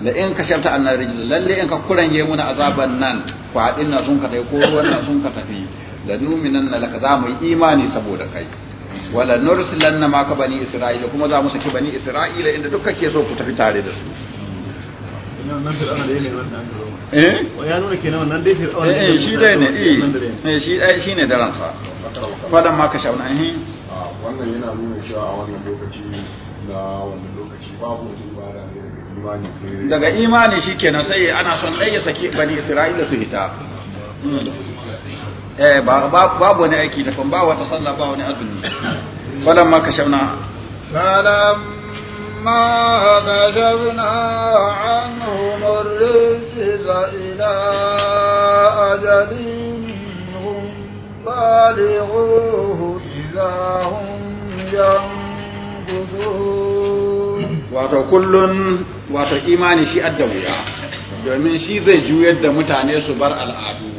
la in ka kasharta annar rijz lalle in ka kuranye muna azaban nan kwadin nan sun ka tafi ko ruwan nan sun ka tafi da lanuminan laka za mu yi imani saboda kai wala nursilanna maka bani isra'ila kuma za mu saki bani isra'ila inda duk kake so ku tafi tare da su eh ya nuna kenan wannan eh, shi a lokaci na babu ne imani daga imani shikenan sai ana son dai saki bani isra'ila su hita hmm. eh babu wani aiki da kuma ba wata sallah ba wani azumi falan ma kashafna falan ma kashafna anhum ar-rizqa ila ajalin hum balighuhu idza hum yanqudun wato kullun wato imani shi adda domin shi zai juyar da mutane su bar al'adu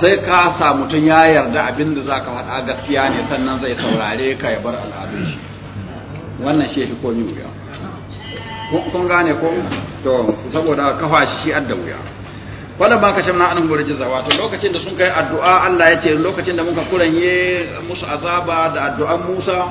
sai ka sa mutum ya yarda abin da za ka haɗa gaskiya ne sannan zai saurare ka ya bar al'adun shi wannan shi fi komi wuya kun gane ko to saboda kafa shi adda wuya wala ba ka shamna anan gure jiza wato lokacin da sun kai addu'a Allah ya ce lokacin da muka kuranye musu azaba da addu'an Musa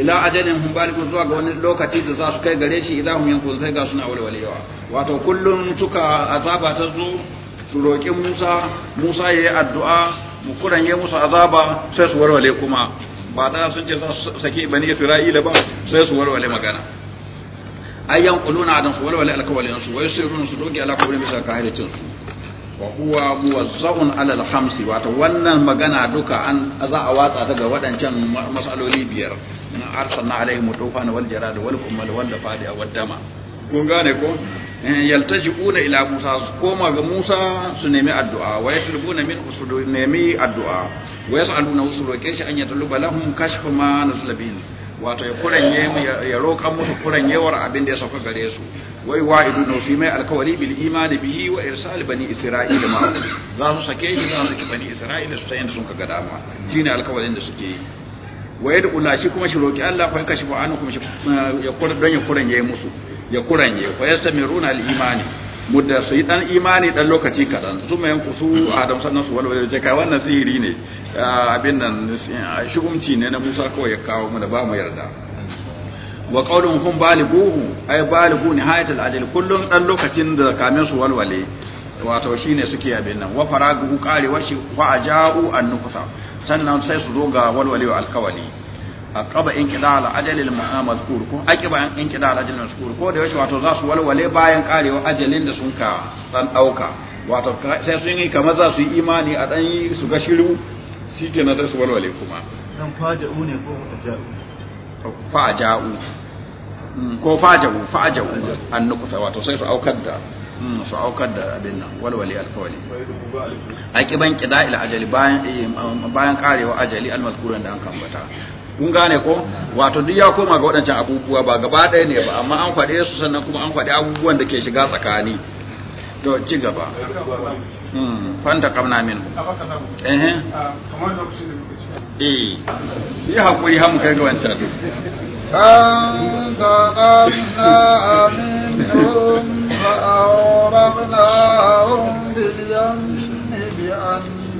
ila ajalin hum baligun zuwa ga wani lokaci da za su kai gare shi idan hum yankun sai ga suna walwalewa wato kullun tuka azaba ta zo su roƙi Musa Musa ya yi addu'a mu ya musu azaba sai su warware kuma ba da sun ce za su saki bani Isra'ila ba sai su warware magana ay yanquluna adam su warware alkawalin su wai yusiruna su doge ala kawalin bisa kahidatin su wa huwa muwazza'un ala alal khamsi wato wannan magana duka an za a watsa daga waɗancan masaloli biyar na arsalna alaihi tufana wal jarada wal kumal wal fadiya wad dama kun gane ko Eh, yaltaji'una ila Musa su koma ga Musa su nemi addu'a wa yatlubuna min usudu nemi addu'a wa yas'aluna usudu shi an yatluba lahum kashfa ma naslabin wato ya kuranye ya roƙa musu kuranyewar abin da ya sauka gare su wai wa'idu no fi mai alkawari bil iman bihi wa irsal bani isra'ila ma za su sake shi za su ki bani isra'ila su sayin da sun ga dama shine alkawarin da suke yi wa yad'una shi kuma shi roki Allah fa kashifa anhu kuma eh, ya don ya kuranye musu ya kuranye fa yastamiruna al-imani mudda su yi dan imani dan lokaci kaɗan, su mai su mm-hmm. adam sannan su walwale kai wannan sihiri ne ah, abin nan shugumci ne na Musa kawai ya kawo mu da ba mu yarda wa qawlun hum balighuhu ay baligu nihayat al-ajal kullun dan lokacin da kamin su walwale wato shine suke abin nan wa faragu qari wa shi wa ajau an nufasa sannan sai su zo ga walwale wa alkawali qaba inqida ala ajalil mazkur ko aqiba inqida ala ajalil mazkur ko da yashi wato za su walwale bayan karewa ajalin da sun ka dan dauka wato sai sun yi kamar za su yi imani a dan yi su ga shiru na sai su walwale kuma dan faja'u ne ko faja'u faja'u mm, ko faja'u faja'u an nukuta wato sai su aukar da mm, su aukar da abin nan walwale alkawali a kida ila ajali eh, bayan karewa ajali almazkuran da an kambata kun gane ko wato duk ya koma ga waɗancan abubuwa ba gaba ɗaya ne ba amma an faɗe su sannan kuma an faɗi abubuwan da ke shiga tsakani to ci gaba hmm, fanta kamna min eh eh yi hakuri har mu kai ga wancan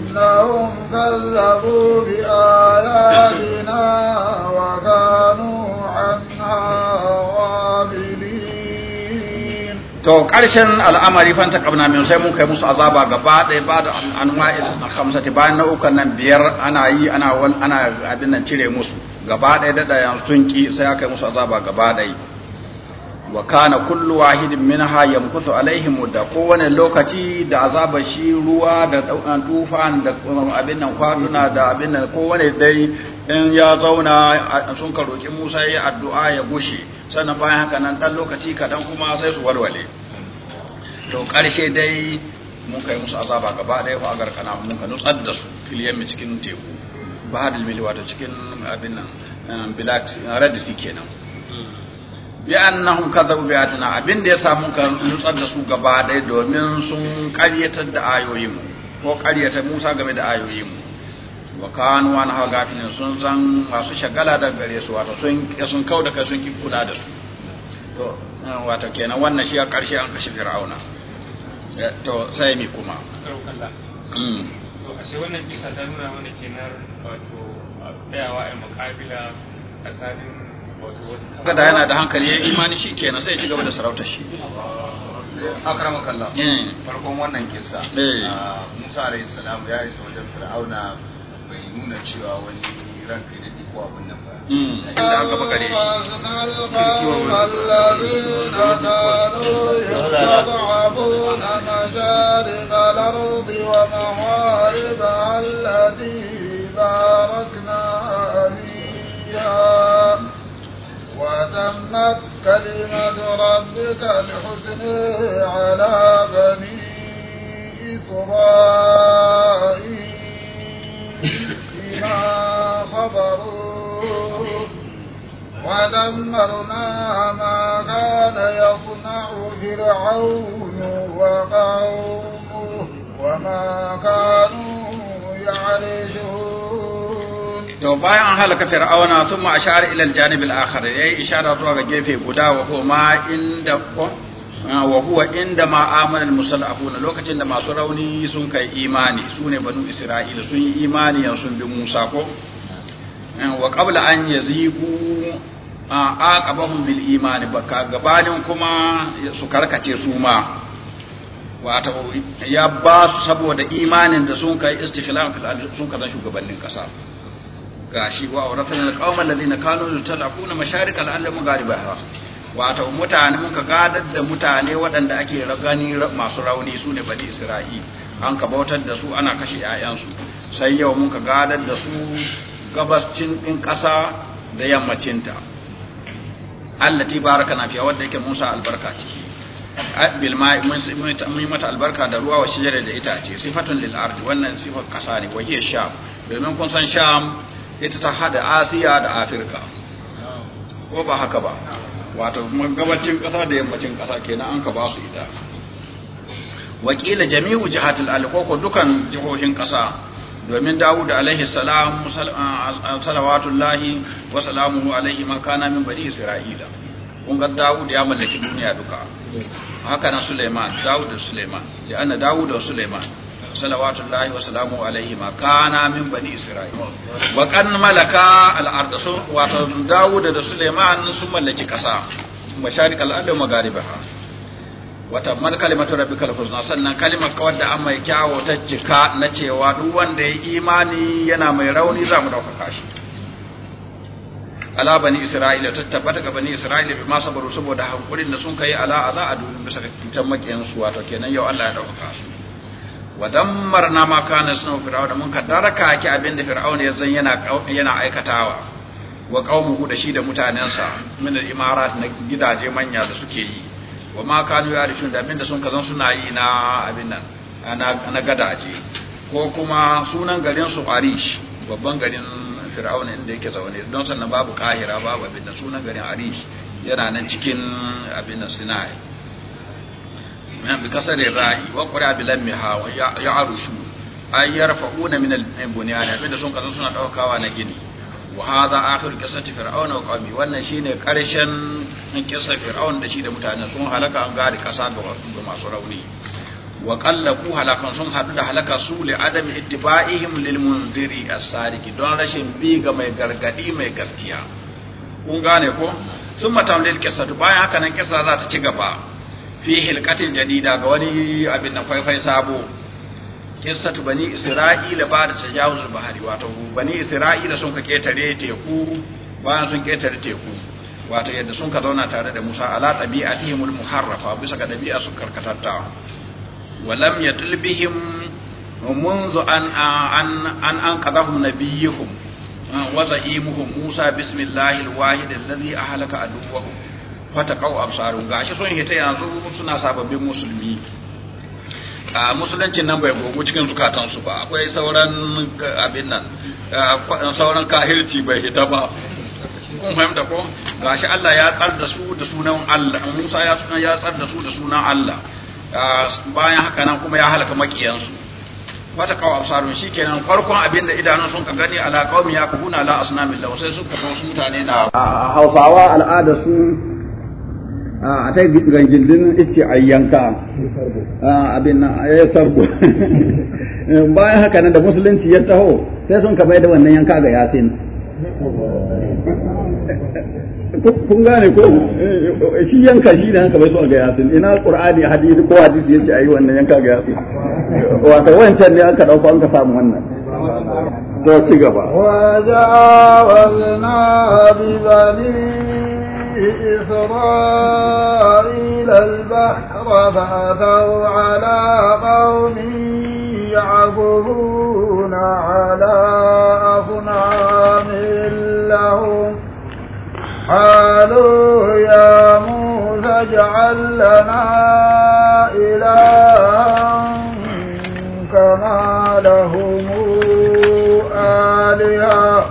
إنهم كذبوا بآياتنا وكانوا عنها to karshen al'amari fanta ta min sai mun kai musu azaba gaba ɗaya ba da anwa'i hamsati bayan na'ukan nan biyar ana yi ana abin nan cire musu gaba ɗaya da yanzu sun sai aka yi musu azaba gaba ɗaya wa kana kullu wahidin minha yamkusu alaihim da kowane lokaci da azaba shi ruwa da daukan tufan da abin nan kwaduna da abin nan kowane dai in ya zauna sun ka roki Musa yayi addu'a ya gushe sannan bayan haka nan dan lokaci kadan kuma sai su warware to karshe dai mun kai musu azaba gaba da yawa agar kana mun ka nutsar da su filiyan cikin teku bahadil milwata cikin abin nan eh, bilax radisi kenan hmm. bi annahum kadzabu bi atina abin da ya samu ka nutsar da su gaba ɗaya domin sun ƙaryatar da ayoyin ko ƙaryatar Musa game da ayoyin wa kanu an hawa gafin sun san masu shagala da gare su wato sun sun kauda kai sun ki kula da su to wato kenan wannan shi a ƙarshe an kashe fir'auna eh, to sai mi kuma mm. to ashe wannan bisa da nuna mana kenan wato tsayawa a muƙabila tsakanin kada yana da hankali ya imani shi kenan sai ya ci gaba da sarauta shi akrama kalla. Eh. farkon wannan kisa eh. ah, musa alayhi salam ya isa wajen fir'auna bai nuna cewa wani ranka da ko abin nan ba hmm. inda aka baka da shi وتمت كلمة ربك الحسن على بني إسرائيل بما خبروا ودمرنا ما كان يصنع فرعون وقومه وما كانوا يعرشون to bayan an halaka fir'auna sun ma ashar ila aljanib alakhir yayi isharar zuwa ga gefe guda wa ma inda ah, wa huwa inda ma amana almusallafun lokacin da masu rauni sun kai imani sune banu isra'ila sun yi imani sun bi musa ko ah, wa qabla an yaziqu ah, aqabahum bil imani baka gabanin kuma su karkace su ma wata ya ba su saboda imanin da sun kai istikhlal sun kazan shugabannin kasa gashi wa auratan alqawma ladina kanu yutalaquna masharik al'alam ardi magharibaha wato mutane muka gadar da mutane waɗanda ake gani masu rauni su ne bani isra'il an ka bautar da su ana kashe 'ya'yansu sai yau muka gadar da su gabascin din ƙasa da Allah ti baraka na fiya wanda yake musa albarka ce bil ma'i mun mata albarka da ruwa wa shijara da itace sifatun lil ardi wannan sifar ƙasa ne wa hiya sham domin kun san sham ita ta hada asiya da afirka ko ba haka ba wato gabacin kasa da yammacin kasa kenan an ka ba su ita wakila jami'u jihatul alkoko dukan jihohin kasa domin dawud alaihi salam salawatullahi wa salamuhu alaihi ma kana min bani isra'ila kun ga dawud ya mallaki duniya duka haka na suleiman dawud da suleiman ya anna dawud da suleiman salawatullahi wa salamu alaihi ma kana min bani isra'il wa kan malaka al-ard sun wato Dawud da suleiman sun mallaki kasa masharik al-ard wa magharibaha wata mal kalimatu rabbikal husna sannan kalimar kawar da an mai kyawo ta cika na cewa duk wanda ya imani yana mai rauni za mu dauka kashi. ala bani isra'ila ta tabbata ga bani isra'ila bi ma saboda hankulin da sun kai ala aza a duniya bisa ga kitan makiyan wato kenan yau Allah ya dauka su wadammar na ma suna sunu fir'auna mun ka kaddaraka ki abinda fir'auna ya zan yana yana aikatawa wa qaumuhu da shi da mutanensa min al-imarat na gidaje manya da suke yi wa ma ya yarishun da abinda sun kazan suna yi na abin nan na gadaje ko kuma sunan garin su arish babban garin fir'auna inda yake zaune don sannan babu kahira babu abin da sunan garin arish yana nan cikin abin nan sinai بكسر الراء وقرا بلمها ويعرشوا اي يرفعون من البنيان abinda sun kazo suna daukawa na gini wa hadha akhir qissati fir'auna wa qaumi wannan shine karshen kissa fir'aun da shi da mutanen sun halaka an gari kasa da masu rauni wa qallaku sun hadu da halaka su li adam ittiba'ihim lil mundiri don rashin ga mai gargadi mai gaskiya kun gane ko sun kisa to bayan haka nan kisa za ta ci gaba fi hilkatin jadida ga wani abin da faifai sabo kissatu bani isra'ila ba da tajawuz bahari wato bani isra'ila sun ka ketare teku bayan sun ketare teku wato yadda sun ka zauna tare da Musa ala tabi'atihimul muharrafa bisa ga dabi'a su karkatatta walam yatul bihim منذ أن أن أن أنقذهم نبيهم وزعيمهم موسى بسم الله الواحد الذي أهلك عدوهم wata kawo absaru shi sun hita yanzu suna sababbin musulmi a musuluncin nan bai gogo cikin zukatansu ba akwai sauran abin nan sauran kahirci bai hita ba kun fahimta ko Ga shi Allah ya tsar da su da sunan Allah Musa ya sunan ya tsar da su da sunan Allah bayan haka nan kuma ya halaka makiyansu wata kawo absarun kenan farkon abin da idanun sun ka gani ala qaumi yakuna la asnamillah sai suka kawo su mutane na Hausawa al'ada su Ah, a ta yi gindin ice a yanka ah, abin na ya sarko bayan haka nan da musulunci ya taho sai sun kaba da wannan yanka ga yasin kun gane ko eh, shi yanka shi ne haka bai so ga yasin ina qur'ani hadisi ko hadisi yace ayi wannan yanka ga yasin wato wancan ne aka dauko an ka samu wannan to ci gaba wa wa bi bani إسرائيل البحر فأتوا على قوم يعبدون على أصنام لهم قالوا يا موسى اجعل لنا إلها كما لهم آلهة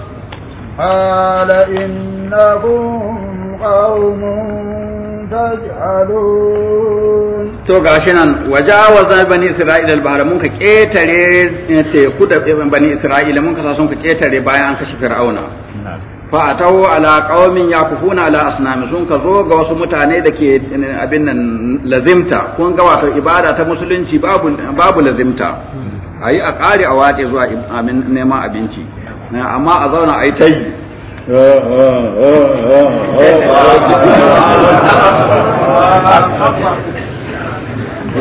قال إنكم قوم تجعلون to gashi nan wajawaza bani isra'ila al-bahra mun ka ketare eh, teku da bani isra'ila mun ka sun ka ketare bayan an kashe fir'auna fa atawu ala qaumin yakufuna ala asnami sun ka zo ga wasu mutane da ke eh, abin nan lazimta kun ga wato ibada ta musulunci babu lazimta ayi hmm. a kare a wace zuwa eh, amin neman abinci amma a zauna ayi tayi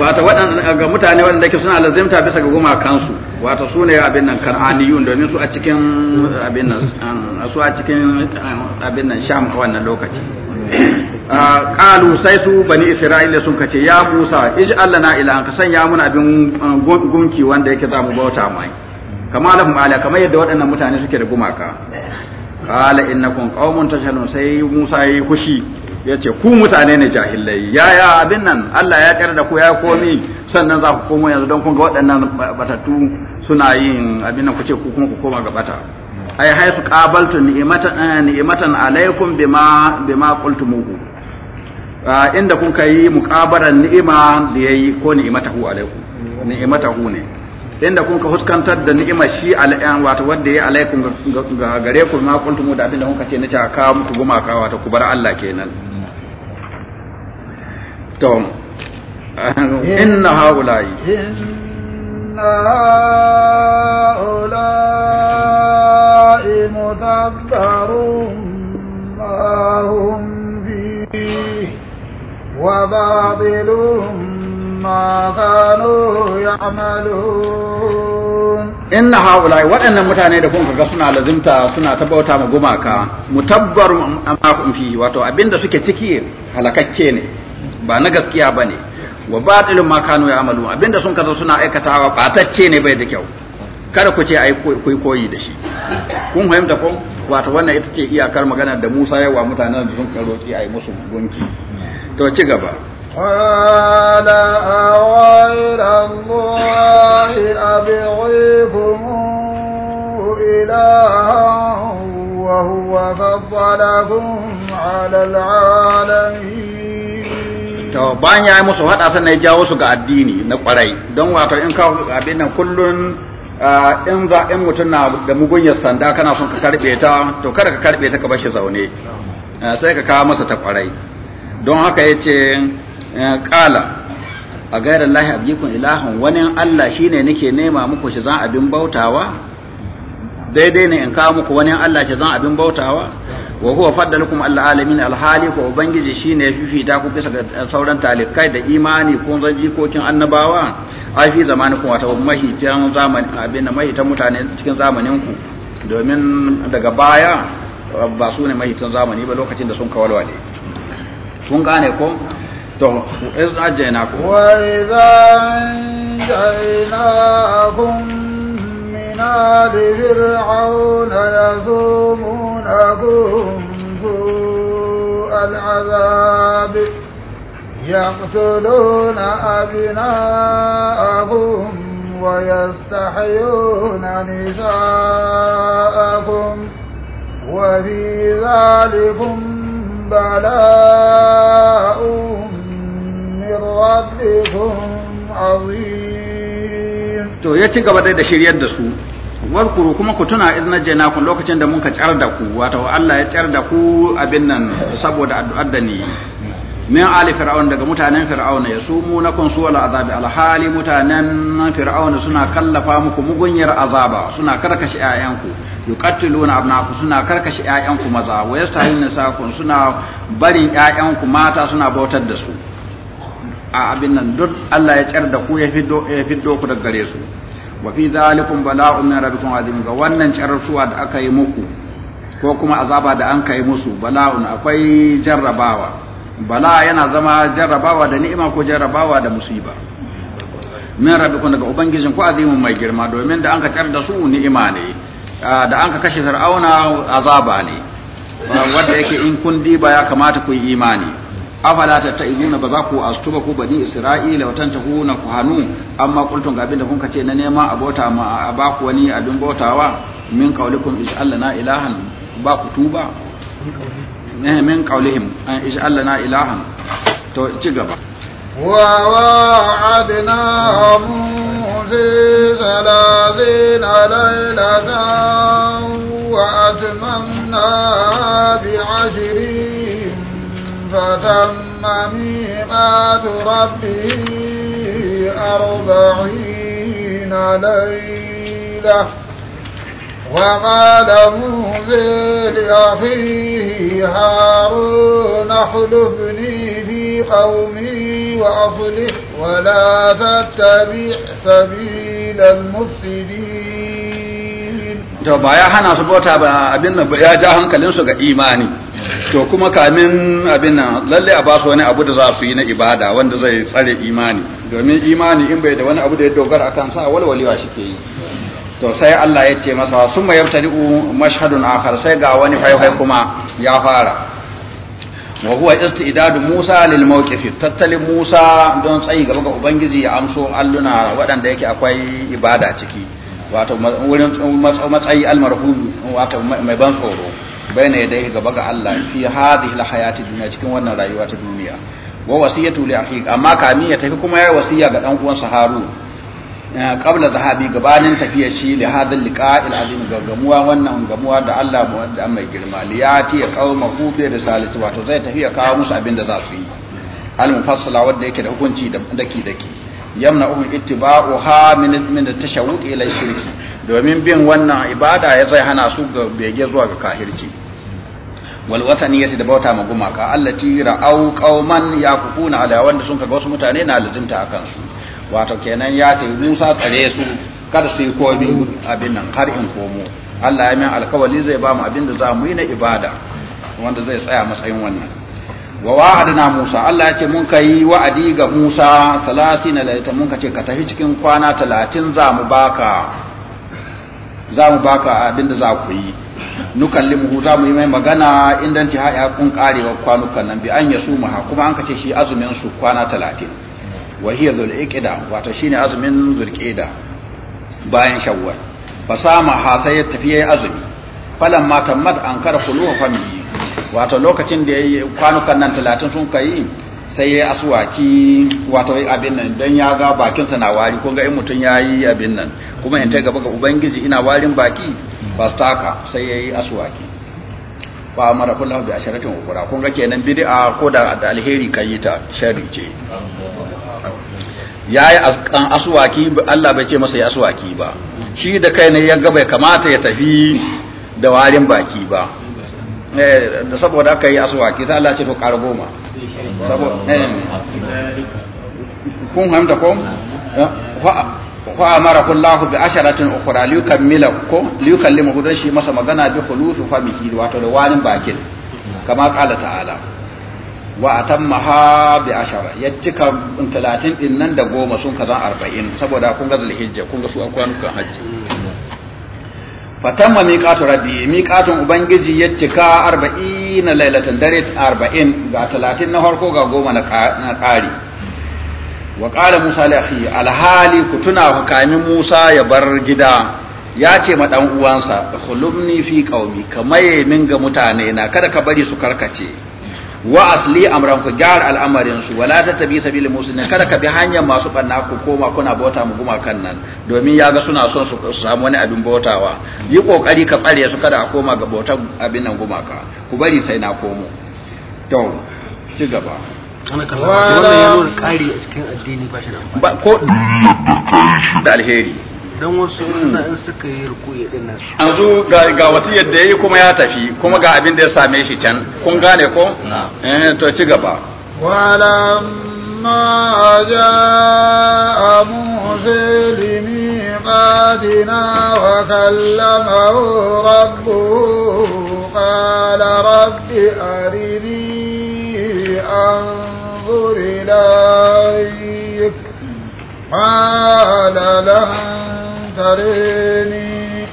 wata waɗanda ga mutane waɗanda ke suna lazimta bisa ga gumakansu wata su ne abin nan kan'aniyun domin su a cikin abin nan su a cikin abin nan sham a wannan lokaci ƙalu sai su bani isra'ila sun kace ya musa ij'al lana ilahan ka sanya muna abin uh, gunki wanda yake za mu bauta mai kamar lahum ala kamar yadda waɗannan mutane suke da gumaka qala innakum qaumun tajhalun sai Musa yayi kushi yace ku mutane ne jahilai yaya abin nan Allah ya kar da ku ya komi sannan za ku komo yanzu don kun ga waɗannan batatu suna yin abin nan kuce ku kuma ku koma ga bata ai hay su qabaltu ni'matan eh, ni'matan alaikum bima bima qultumuhu ah, inda kun kai muqabaran ni'ima da yayi ko ni'matahu alaikum hu ne inda kun ka huskantar da ni'ima shi al'an wato wanda ya alaikum ga gare ku ma kuntum da abin da kun ce na ta ka muku goma ka wato ku bar Allah kenan to inna haula'i inna haula'i mutabbarun ma hum bi wa babilun ما كانوا يعملون إن هؤلاء وأن متاني suna كغسنا لزمتا ma gumaka mutabbar amakun fi wato abinda suke ciki halakakke ne ba na gaskiya ba ne wa batilin ma kanu ya amalu abinda sun kaza suna aikatawa batacce ne bai da kyau kada ku ce ai ku koyi da shi kun fahimta ko wato wannan ita ce iyakar magana da Musa yawa mutanen da sun karo ai musu gunki to ci gaba قال أغير الله أبغيكم إلها وهو فضلكم على العالمين to ya yi musu hada sannan ya jawo su ga addini na kwarai don wato in kawo abin nan kullun in za in mutum na da mugunyar sanda kana son ka karbe ta to kada ka karbe ta ka bar zaune sai ka kawo masa ta kwarai don haka yace Eh, qala a gairar lahi abjikun ilahun wani Allah shine nake nema muku shi zan abin bautawa daidai ne in kawo muku wani Allah shi zan abin bautawa wa huwa faddalukum Allah alamin alhali ko ubangiji shine ya fifita ku bisa ga sauran talikai da imani ko ko kin annabawa ai fi ku wata mahi jan zamanin abin na mahi ta mutane cikin zamanin ku domin daga baya ba su ne mahi zamani ba lokacin da sun kawalwale kun gane ko وإذ أجيناكم وإذا أنجيناكم من آل فرعون يزومونكم سوء العذاب يقتلون أبناءهم ويستحيون نساءهم وفي ذلكم بلاؤهم من ya عظيم تو يتي gaba da shiryar da su wadkuru kuma ku tuna idan najena kun lokacin da mun ka tsar da ku wato Allah ya tsar da ku abin nan saboda addu'ar da ni min ali fir'aun daga mutanen fir'aun ya sumu na kun su wala azabi al mutanen fir'aun suna kallafa muku mugunyar azaba suna karkashi ayyanku yuqatiluna abnaku suna karkashi ayyanku maza wa yastahilna sakun suna barin 'ya'yanku mata suna bautar da su a abin nan duk Allah ya tsar da ku ya fiddo ya fiddo ku daga gare su wa fi zalikum bala'un min rabbikum azim ga wannan tsarsuwa da aka yi muku ko kuma azaba da an kai musu bala'un akwai jarrabawa bala yana zama jarrabawa da ni'ima ko jarrabawa da musiba min rabbikum daga ubangijin ku azim mai girma domin da an ka tsar da su ni'ima ne da an ka kashe fir'auna azaba ne wanda yake in kun diba ya kamata ku yi imani afala ta ta'izuna ba za ku astuba ku bani isra'ila watan ta kuna ku hanu amma kultun ga abin da kun kace na nema a abota ma a ba ku wani abin bautawa min qaulikum na ilahan ba ku tuba eh, min qaulihim na ilahan to ci gaba wa wa'adna muzi zalazin alailatan wa atmamna bi ajrin فتم ميقات ربه أربعين ليلة وقال موسى لأخيه هارون احلفني في قومي وأصلح ولا تتبع سبيل المفسدين to ba ya hana su bauta ba abin nan ya ja hankalin su ga imani to kuma kamin abin nan lalle a ba su wani abu da za su yi na ibada wanda zai tsare imani domin imani in bai da wani abu da ya dogara akan sa walwalewa shi ke yi to sai Allah ya ce masa sun mai yabtari mashhadun akhar sai ga wani faifai kuma ya fara wa huwa istidadu Musa lil mawqif tattalin Musa don tsayi gaba ga ubangiji ya amso alluna waɗanda yake akwai ibada ciki wato wurin matsayi almarhum wato mai ban tsoro ya yadayhi gaba ga Allah fi hadhihi alhayati dunya cikin wannan rayuwa ta duniya wa wasiyatu li akhiq amma kamin ya tafi kuma ya wasiya ga dan uwansa Harun eh, qabla zahabi gabanin tafiyar shi li hadal liqa'il azim gaggamuwa wannan gamuwa da Allah muwadda mai girma li yati ya qauma hu da Salisu wato zai tafi ya kawo musu abin da za su yi al mufassala wanda yake da hukunci da daki daki yamna'uhum ittiba'uha min min at ila shirki domin bin wannan ibada ya zai hana su ga bege zuwa ga kafirci wal wataniyati da bauta ma gumaka allati ra'au qauman yakufuna ala wanda sun kaga wasu mutane na lazimta akan su wato kenan ya ce Musa tsare su kada su yi komi abin nan har in komo Allah ya min alkawali zai ba mu abin da za mu yi na ibada wanda zai tsaya matsayin wannan wa wa'adna Musa Allah ya ce mun kai wa'adi ga Musa 30 laita mun ka ce ka tafi cikin kwana 30 za mu baka za mu baka abinda za ku yi nukallimu za mu yi mai magana indan ci haya kun karewa kwanukan nan bi an yasu maha kuma an kace shi azumin su kwana 30 wa hiya iqda wato shine azumin zulqida bayan shawwal sama ha sai ya tafi yayi azumi falamma tammat an kar khulufa famihi wato lokacin da yayi kwanukan nan 30 sun kai sai yayi aswaki wato abin nan dan ya ga bakin sa na wari ko ga in mutun yayi abin nan kuma in ta gaba ga ubangiji ina warin baki Fastaka sai yayi aswaki fa amara kullahu bi asharatin ukura kun ga kenan bid'a ko da alheri kai ta sharri ce yayi aswaki Allah bai ce masa ya aswaki ba shi da kai ne ya ga bai kamata ya tafi da warin baki ba Eh, da saboda aka yi aswaki sai Allah ce to ƙara goma eh. kun hamta ko fa amara kullahu bi asharatin ukhra li yukammila ko li yukallimu hudan shi masa magana bi khulufi famihi wato da wani bakin kama qala ta'ala wa atammaha bi ashara ya cika 30 din nan da goma sun kaza 40 saboda kun ga zulhijja kun ga su akwai kan hajji fatamma miƙatu rabbi miƙatun ubangiji ya cika 40 na lailatan dare 40 ga 30 na farko ga goma na ƙari wa qala musa la akhi alhali kutuna hukamin musa ya bar gida ya ce ma dan uwansa khulumni fi qaumi kamaye min ga mutane na kada ka bari su karkace wa asli amran ku gyara al'amarin su wala ta tabi sabilil musulmi kada ka bi hanyar masu banna ku koma kuna bauta mu guma kan nan domin ya ga suna son su samu wani abin bautawa yi kokari ka tsare su kada a koma ga bautar abin nan guma ka ku bari sai na komo to ci gaba wannan ya kari a cikin addini ba shi da alheri dan wasu suna in suka yi rukuyi din nan an zu ga wasiyar da yayi kuma ya tafi kuma ga abin da ya same shi can kun gane ko eh to ci gaba wala ma jaa zalimi limiqatina wa kallama rabbu qala rabbi arini anzur ilayk قال لن تريني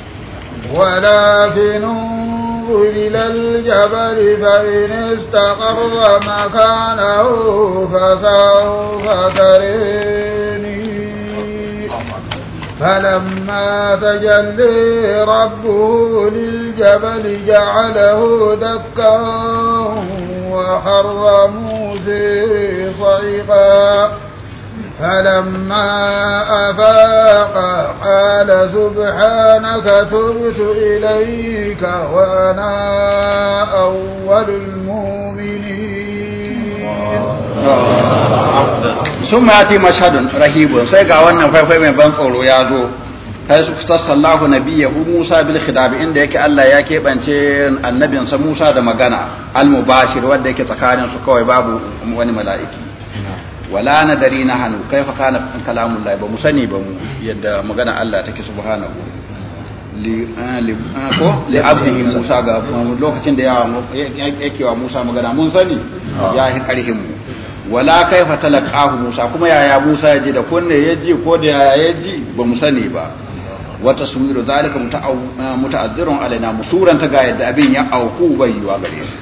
ولكن انظر إلى الجبل فإن استقر مكانه فسوف تريني فلما تجلي ربه للجبل جعله دكا وحر موسي صيقا فلما أفاق قال سبحانك تبت إليك وأنا أول المؤمنين ثم يأتي مشهد رهيب سيقع وانا فايفاي من بنصر ويازو kai su tassallahu nabiyahu Musa bil khidab inda yake Allah ya keɓance annabinsa Musa da magana al mubashir wanda yake tsakanin su kawai babu wani mala'iki wala na dari na hannu kaifa kana kalamun lai ba mu sani ba mu yadda magana Allah take subhanahu li ah, ah, ko li abdihi Musa ga lokacin da yake wa Musa magana mun sani ah. ya hi karhim wala kaifa talaqahu Musa kuma yaya Musa yaje da kunne yaji ko da yaya ya ji ba mu sani ba wata sumiru zalika muta'azzirun alaina musuran ta ga yadda abin ya auku bai yiwa gare shi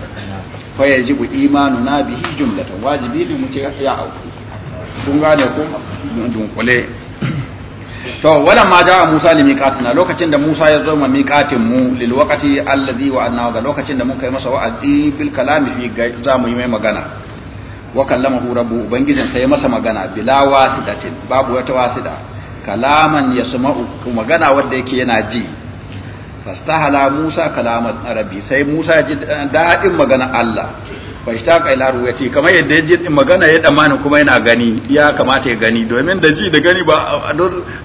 fa yajibu imanuna bihi jumlatan wajibi ne mu ce ya auku kun gane ko dunkule to wala ma ja Musa li miqatina lokacin da Musa ya zo ma miqatin mu lil waqti allazi anna ga lokacin da muka yi masa wa'adi bil kalami fi za mu yi mai magana wa kallamahu rabbu ubangijin sai masa magana bila wasidatin babu wata wasida kalaman yasma'u magana wanda yake yana ji fastahala Musa kalaman arabi sai Musa ji dadin magana Allah fa ishtaqa ila kamar yadda ya ji magana ya tsammanin kuma yana gani ya kamata ya gani domin da ji da gani ba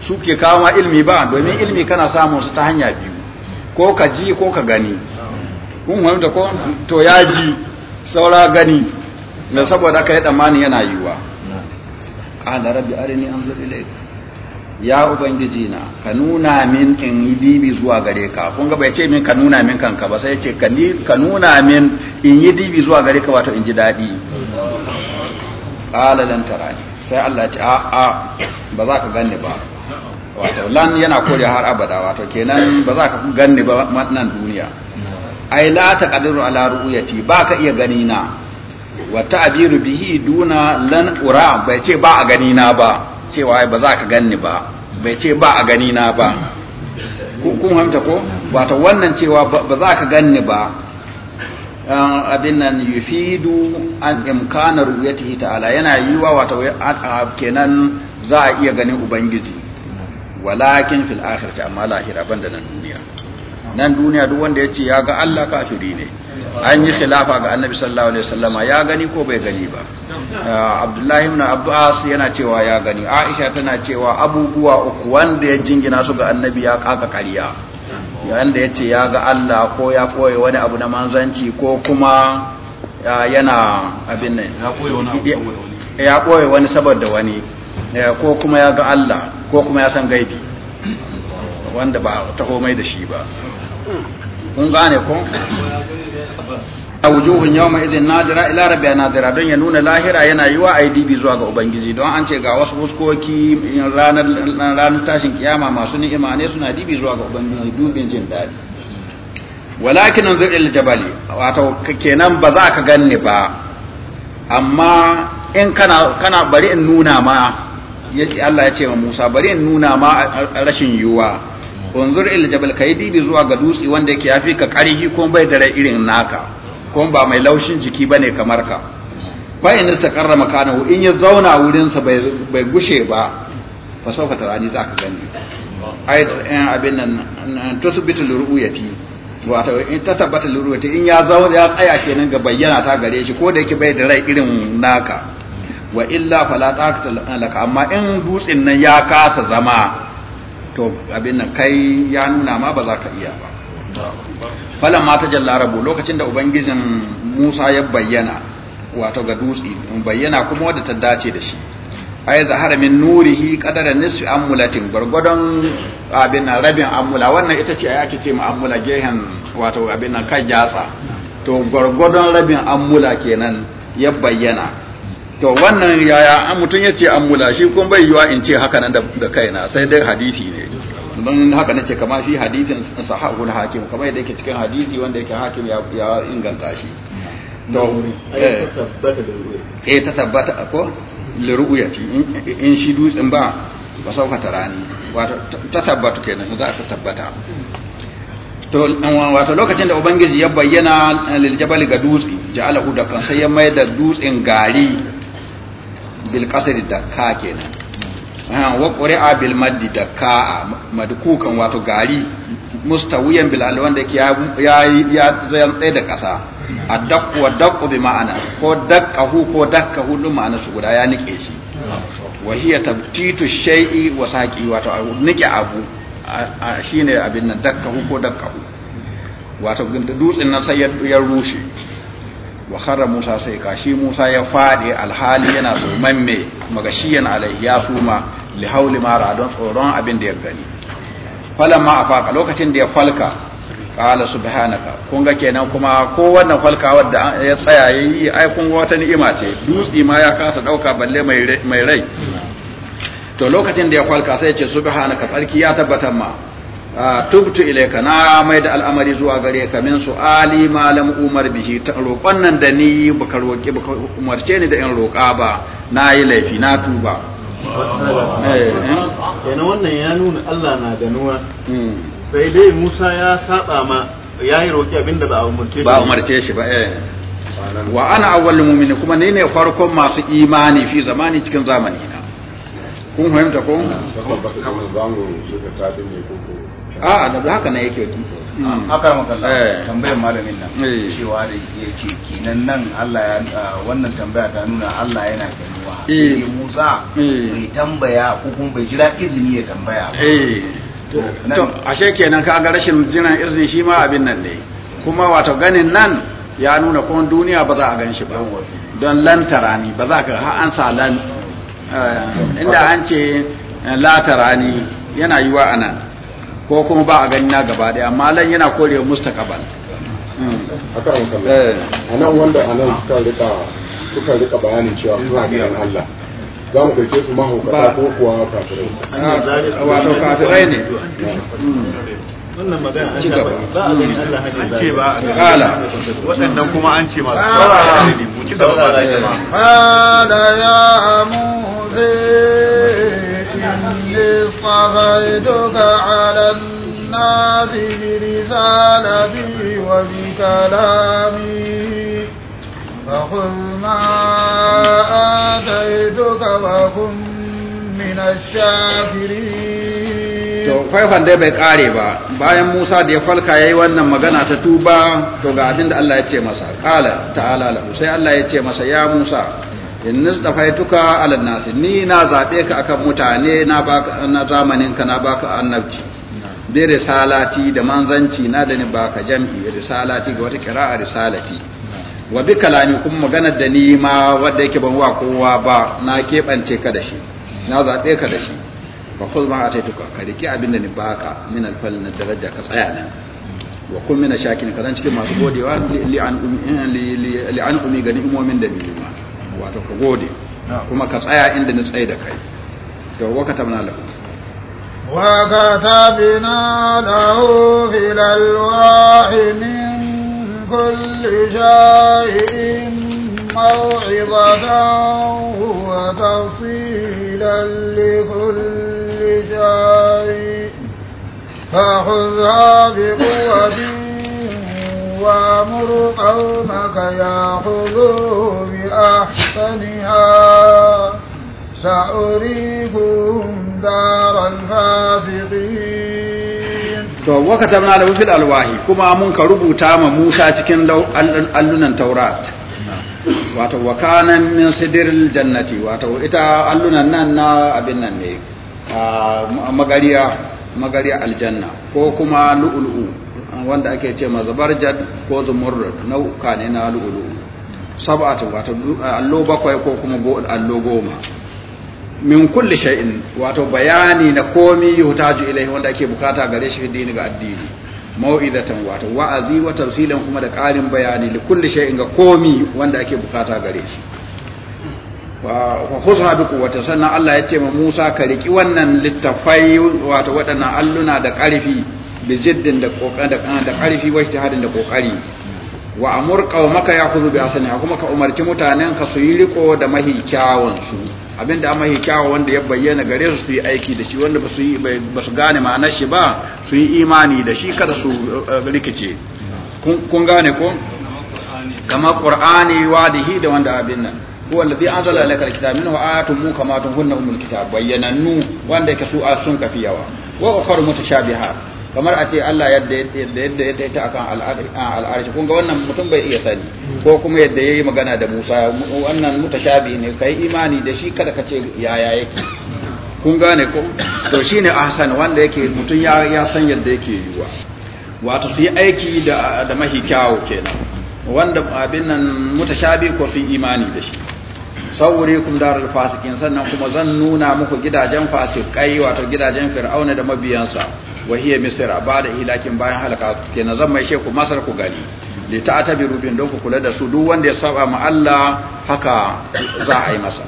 su ke kama ilmi ba domin ilmi kana samun su ta hanya biyu ko ka ji ko ka gani kun wani da ko to ya ji saura gani na saboda ka yi tsammanin yana yiwa qala rabbi arini anzur ilayka ya ubangiji na ka nuna min in yi dibi zuwa gare ka kun ga bai ce min ka nuna min kanka ba sai ya ce ka nuna min in yi dibi zuwa gare ka wato in ji daɗi ƙala lan tarani sai Allah ce a a ba za ka ganni ba wato lan yana kore har abada wato kenan ba za ka ganni ba nan duniya ai la taqdiru ala ru'yati ba ka iya gani na wa ta'biru bihi duna lan ura bai ce ba a gani na ba cewa ba za ka ganni ba bai ce ba a gani na ba kun hamta ko wata wannan cewa ba za ka ganni ba eh, abin nan yufidu an imkana ru'yatihi ta'ala yana yiwa wata kenan za a iya ganin ubangiji walakin fil akhirati amma lahira banda nan duniya nan duniya duk wanda ya ce ya ga Allah kafiri ne an yi khilafa ga annabi sallallahu alaihi wasallama ya gani ko bai gani ba uh, abdullahi ibn abbas yana cewa ya gani aisha tana cewa abubuwa uku wanda ya jingina su ga annabi ya kaka kariya wanda ya ce ya ga Allah ko ya koyi wani abu na manzanci ko kuma uh, yana abin nan ya koyi wani saboda wani uh, ko kuma ya ga Allah ko kuma ya san gaibi wanda ba ta komai da shi ba kun gane ko a wujuhun yawma izin nadira ila rabia nadira don ya nuna lahira yana yi wa IDB zuwa ga ubangiji don an ce ga wasu fuskoki ranar ranar tashin kiyama masu ni'ima ne suna dibi zuwa ga ubangiji dubin jin daɗi. walakin zai ila jabali wato kenan ba za ka ganni ba amma in kana kana bari in nuna ma Allah ya ce wa Musa bari in nuna ma rashin yiwuwa wanzur il jabal kaidi dibi zuwa ga dutse wanda yake yafi ka karhi ko bai da rai irin naka ko ba mai laushin jiki bane kamar ka fa in istaqarra makanahu in ya zauna wurin sa bai bai gushe ba fa sawfa tarani za ka gani ayat in eh, abin nan eh, tusbitu ruyati wato in ta tabbata ruyati in ya zauna ya tsaya kenan ga bayyana ta gare shi ko da yake bai da rai irin naka wa illa fala taqata laka amma in dutsin nan ya kasa zama to abin nan kai ya nuna ma ba za ka iya ba falan ma ta jallarabu lokacin da ubangijin musa ya bayyana wato ga dutse bayyana kuma wadda ta dace da shi ai zahara min nurihi qadara nisfi amulatin gurgudon abin nan rabin amula wannan ita ce ai ake ce ma amula gehen wato abin nan kan yatsa to gurgudon rabin amula kenan ya bayyana to wannan yaya mutum ya ce an mula shi kun bai yiwa in ce haka nan da kaina sai dai hadisi ne don haka nace kama shi hadisin sahahul hakim kamar yadda yake cikin hadisi wanda yake hakim ya inganta shi to eh ta tabbata ko liru'yati in shi dutsin ba ba sauka tarani wato ta tabbata kenan za ta tabbata to wato lokacin da ubangiji ya bayyana liljabal jabal ga dutsi ja'alahu da kan sai ya mai da dutsin gari bil da ka kenan wa quri'a bil ka dakka madukukan wato gari mustawiyan bil alwan da ke ya ya zayan tsaye da kasa addaqu wa daqu bi ma'ana ko daqqahu ko dakkahu dun ma'ana su guda ya nike shi wa hiya tabtitu shay'i wa saqi wato nike abu shine abin nan dakkahu ko dakkahu wato dutsen nan sai ya rushe wa kharra Musa sai kashi Musa ya fadi alhali yana suman me magashiyan alaihi ya suma li hauli ra don tsoron abin da ya gani ma afaka lokacin da ya falka qala subhanaka kun ga kenan kuma ko wannan wadda da ya tsaya yayi ai kun ga wata ni'ima ce dutsi ma ya kasa dauka balle mai mai rai to lokacin da ya falka sai ya ce subhanaka sarki ya tabbatar ma Ah, tubtu ilayka na mai da al'amari zuwa gare ka min su ali malam umar bihi ta roƙon nan da ni baka roƙi baka umarce ni da in roƙa ba na yi laifi na tuba yana eh, eh. wannan ya nuna Allah na ganuwa hmm. sai dai Musa ya saba ma ya yi roƙi abinda ba umarce shi ba umarce shi ba eh wa ana awwalul mu'min kuma ni ne farkon masu imani fi zamani cikin zamani na kun fahimta ko ba kamar zamu suka tafi ne ko a da haka na yake wakil hmm. haka makalla eh. tambayar malamin nan eh. cewa da ya ce kinan nan Allah ya wannan tambaya ta nuna Allah yana ganuwa eh Musa mai eh. tambaya ko kuma bai jira izini ya tambaya to ashe kenan ka ga rashin jiran izini shi ma abin nan ne kuma wato ganin nan ya nuna kuma duniya ba za a gan shi ba don lantara ni ba za ka ha an sa lan inda an ce latara ni yana yiwa anan ko kuma ba a gani na gaba daya amma lan yana korewa mustaqbal hmm. a eh. nan wanda a nan suka rika suka rika bayanin cewa suna ganin Allah za mu su mahaukata ko kuwa kafirai ah, wato kafirai ne hmm. wannan magana hmm. ba a gani Allah an ce ba waɗannan kuma an ce masu ah. ba a gani ba ya إني على الناس برسالتي وبكلامي فخذ ما آتيتك وكن من الشاكرين to faifan dai bai kare ba bayan Musa da ya falka yayi wannan magana ta tuba to ga abin da Allah ya ce masa qala ta'ala lahu sai Allah ya ce masa ya Musa in nistafaituka ala nasi ni na zabe ka akan mutane na baka na zamanin ka na baka annabci bi risalati da manzanci na da ni baka jam'i risalati ga wata kira'a risalati wa bi kalami kun magana da ni ma wanda yake ban wa kowa ba na kebance ka da shi na zabe ka da shi fa kul ma ataituka ka riki abin da ni baka min alfal na daraja ka tsaya nan wa kun mina shakin ka zan cikin masu godewa li an umi eh, li an umi ga ni'imomin da ni ma wato ka gode kuma ka tsaya inda ni tsaye da kai to waka tabna lahu wa katabna lahu fil alwahi min kulli shay'in maw'izatan wa tafsilan li kulli shay'in فخذها بقوة وامر قومك يأخذوا بأحسنها سأريكم دار الفاسقين to wakatabna lahu fil alwahi kuma mun ka rubuta ma Musa cikin allunan Taurat wato kana min sidril jannati wato ita allunan nan na abin nan ne magariya magariya aljanna ko kuma lu'lu'u wanda ake ce ma zabarjad ko zumurrud nau'uka ne na al'ulu sab'atu wato allo bakwai ko kuma allo goma min kulli shay'in wato bayani na komi yutaju ilaihi wanda ake bukata gare shi dini ga addini mau'izatan wato wa'azi wa tafsilan kuma da ƙarin bayani li kulli shay'in ga komi wanda ake bukata gare shi wa khudha bi quwwati sannan Allah ya ce ma Musa ka riki wannan littafai wato waɗannan alluna da ƙarfi bi jiddin da ah, da ƙarfi wa ijtihadin da kokari wa amur qaumaka ya'khudhu bi asani kuma ka umarci mutanen ka su yi riko da mahi kyawun su abinda mahi kyawun wanda ya bayyana gare su su yi aiki da shi wanda basu yi basu gane ma'anar shi ba su yi imani da shi kada su eh, rikice kun gane ko kama qur'ani wadihi da wanda abin nan huwa alladhi anzala alayka alkitaba minhu ayatun muhkamatun hunna ummul kitab bayyanannu wanda yake su ah, sun kafiyawa wa ukhra mutashabihat kamar a ce Allah yadda ya taita akan al'arshi kun ga wannan mutum bai iya sani ko kuma yadda ya yi magana da Musa wannan mutashabi ne kai imani da shi kada ka ce yaya yake kun gane ko to shine ahsan wanda yake mutum ya san yadda yake yiwa wato su yi aiki da da mahi kyawu kenan wanda abin nan mutashabi ko su imani da shi saurikum darul fasikin sannan kuma zan nuna muku gidajen fasikai wato gidajen fir'auna da mabiyansa wa hiya ba da hilakin bayan halaka kenan zan mai sheku masar ku gani li ta'tabiru bin don ku kula da su duk wanda ya saba ma Allah haka za a yi masa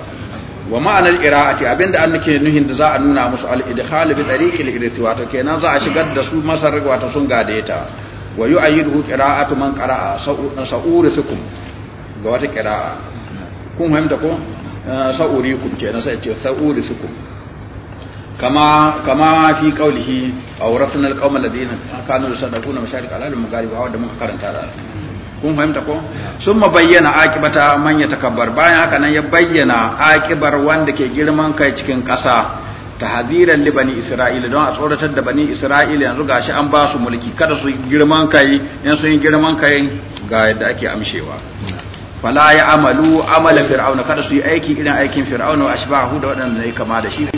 wa ma'anar qira'ati abinda an nake nuhin da za a nuna musu al-idkhal bi tariqil irthi wato kenan za a shigar da su masar wata sun gade ta wa yu'ayyidu qira'atu man ƙara'a qara'a sa'uritukum ga wata ƙira'a kun fahimta ko eh, sa'urikum kenan sai ce sa'uritukum كما كما في قوله أورثنا القوم الذين كانوا يصدقون مشارق الأرض ومغاربها وده muka karanta da kun fahimta ko sun ma bayyana akibata manya takabbar bayan haka nan ya bayyana akibar wanda ke girman kai cikin ƙasa ta li bani isra'ila don a tsoratar da bani isra'ila yanzu gashi an ba su mulki kada su girman kai yan sun girman kai ga yadda ake amshewa fala ya amalu amala fir'auna kada su yi aiki irin aikin fir'auna ba ashbahu da waɗanda ne kama da shi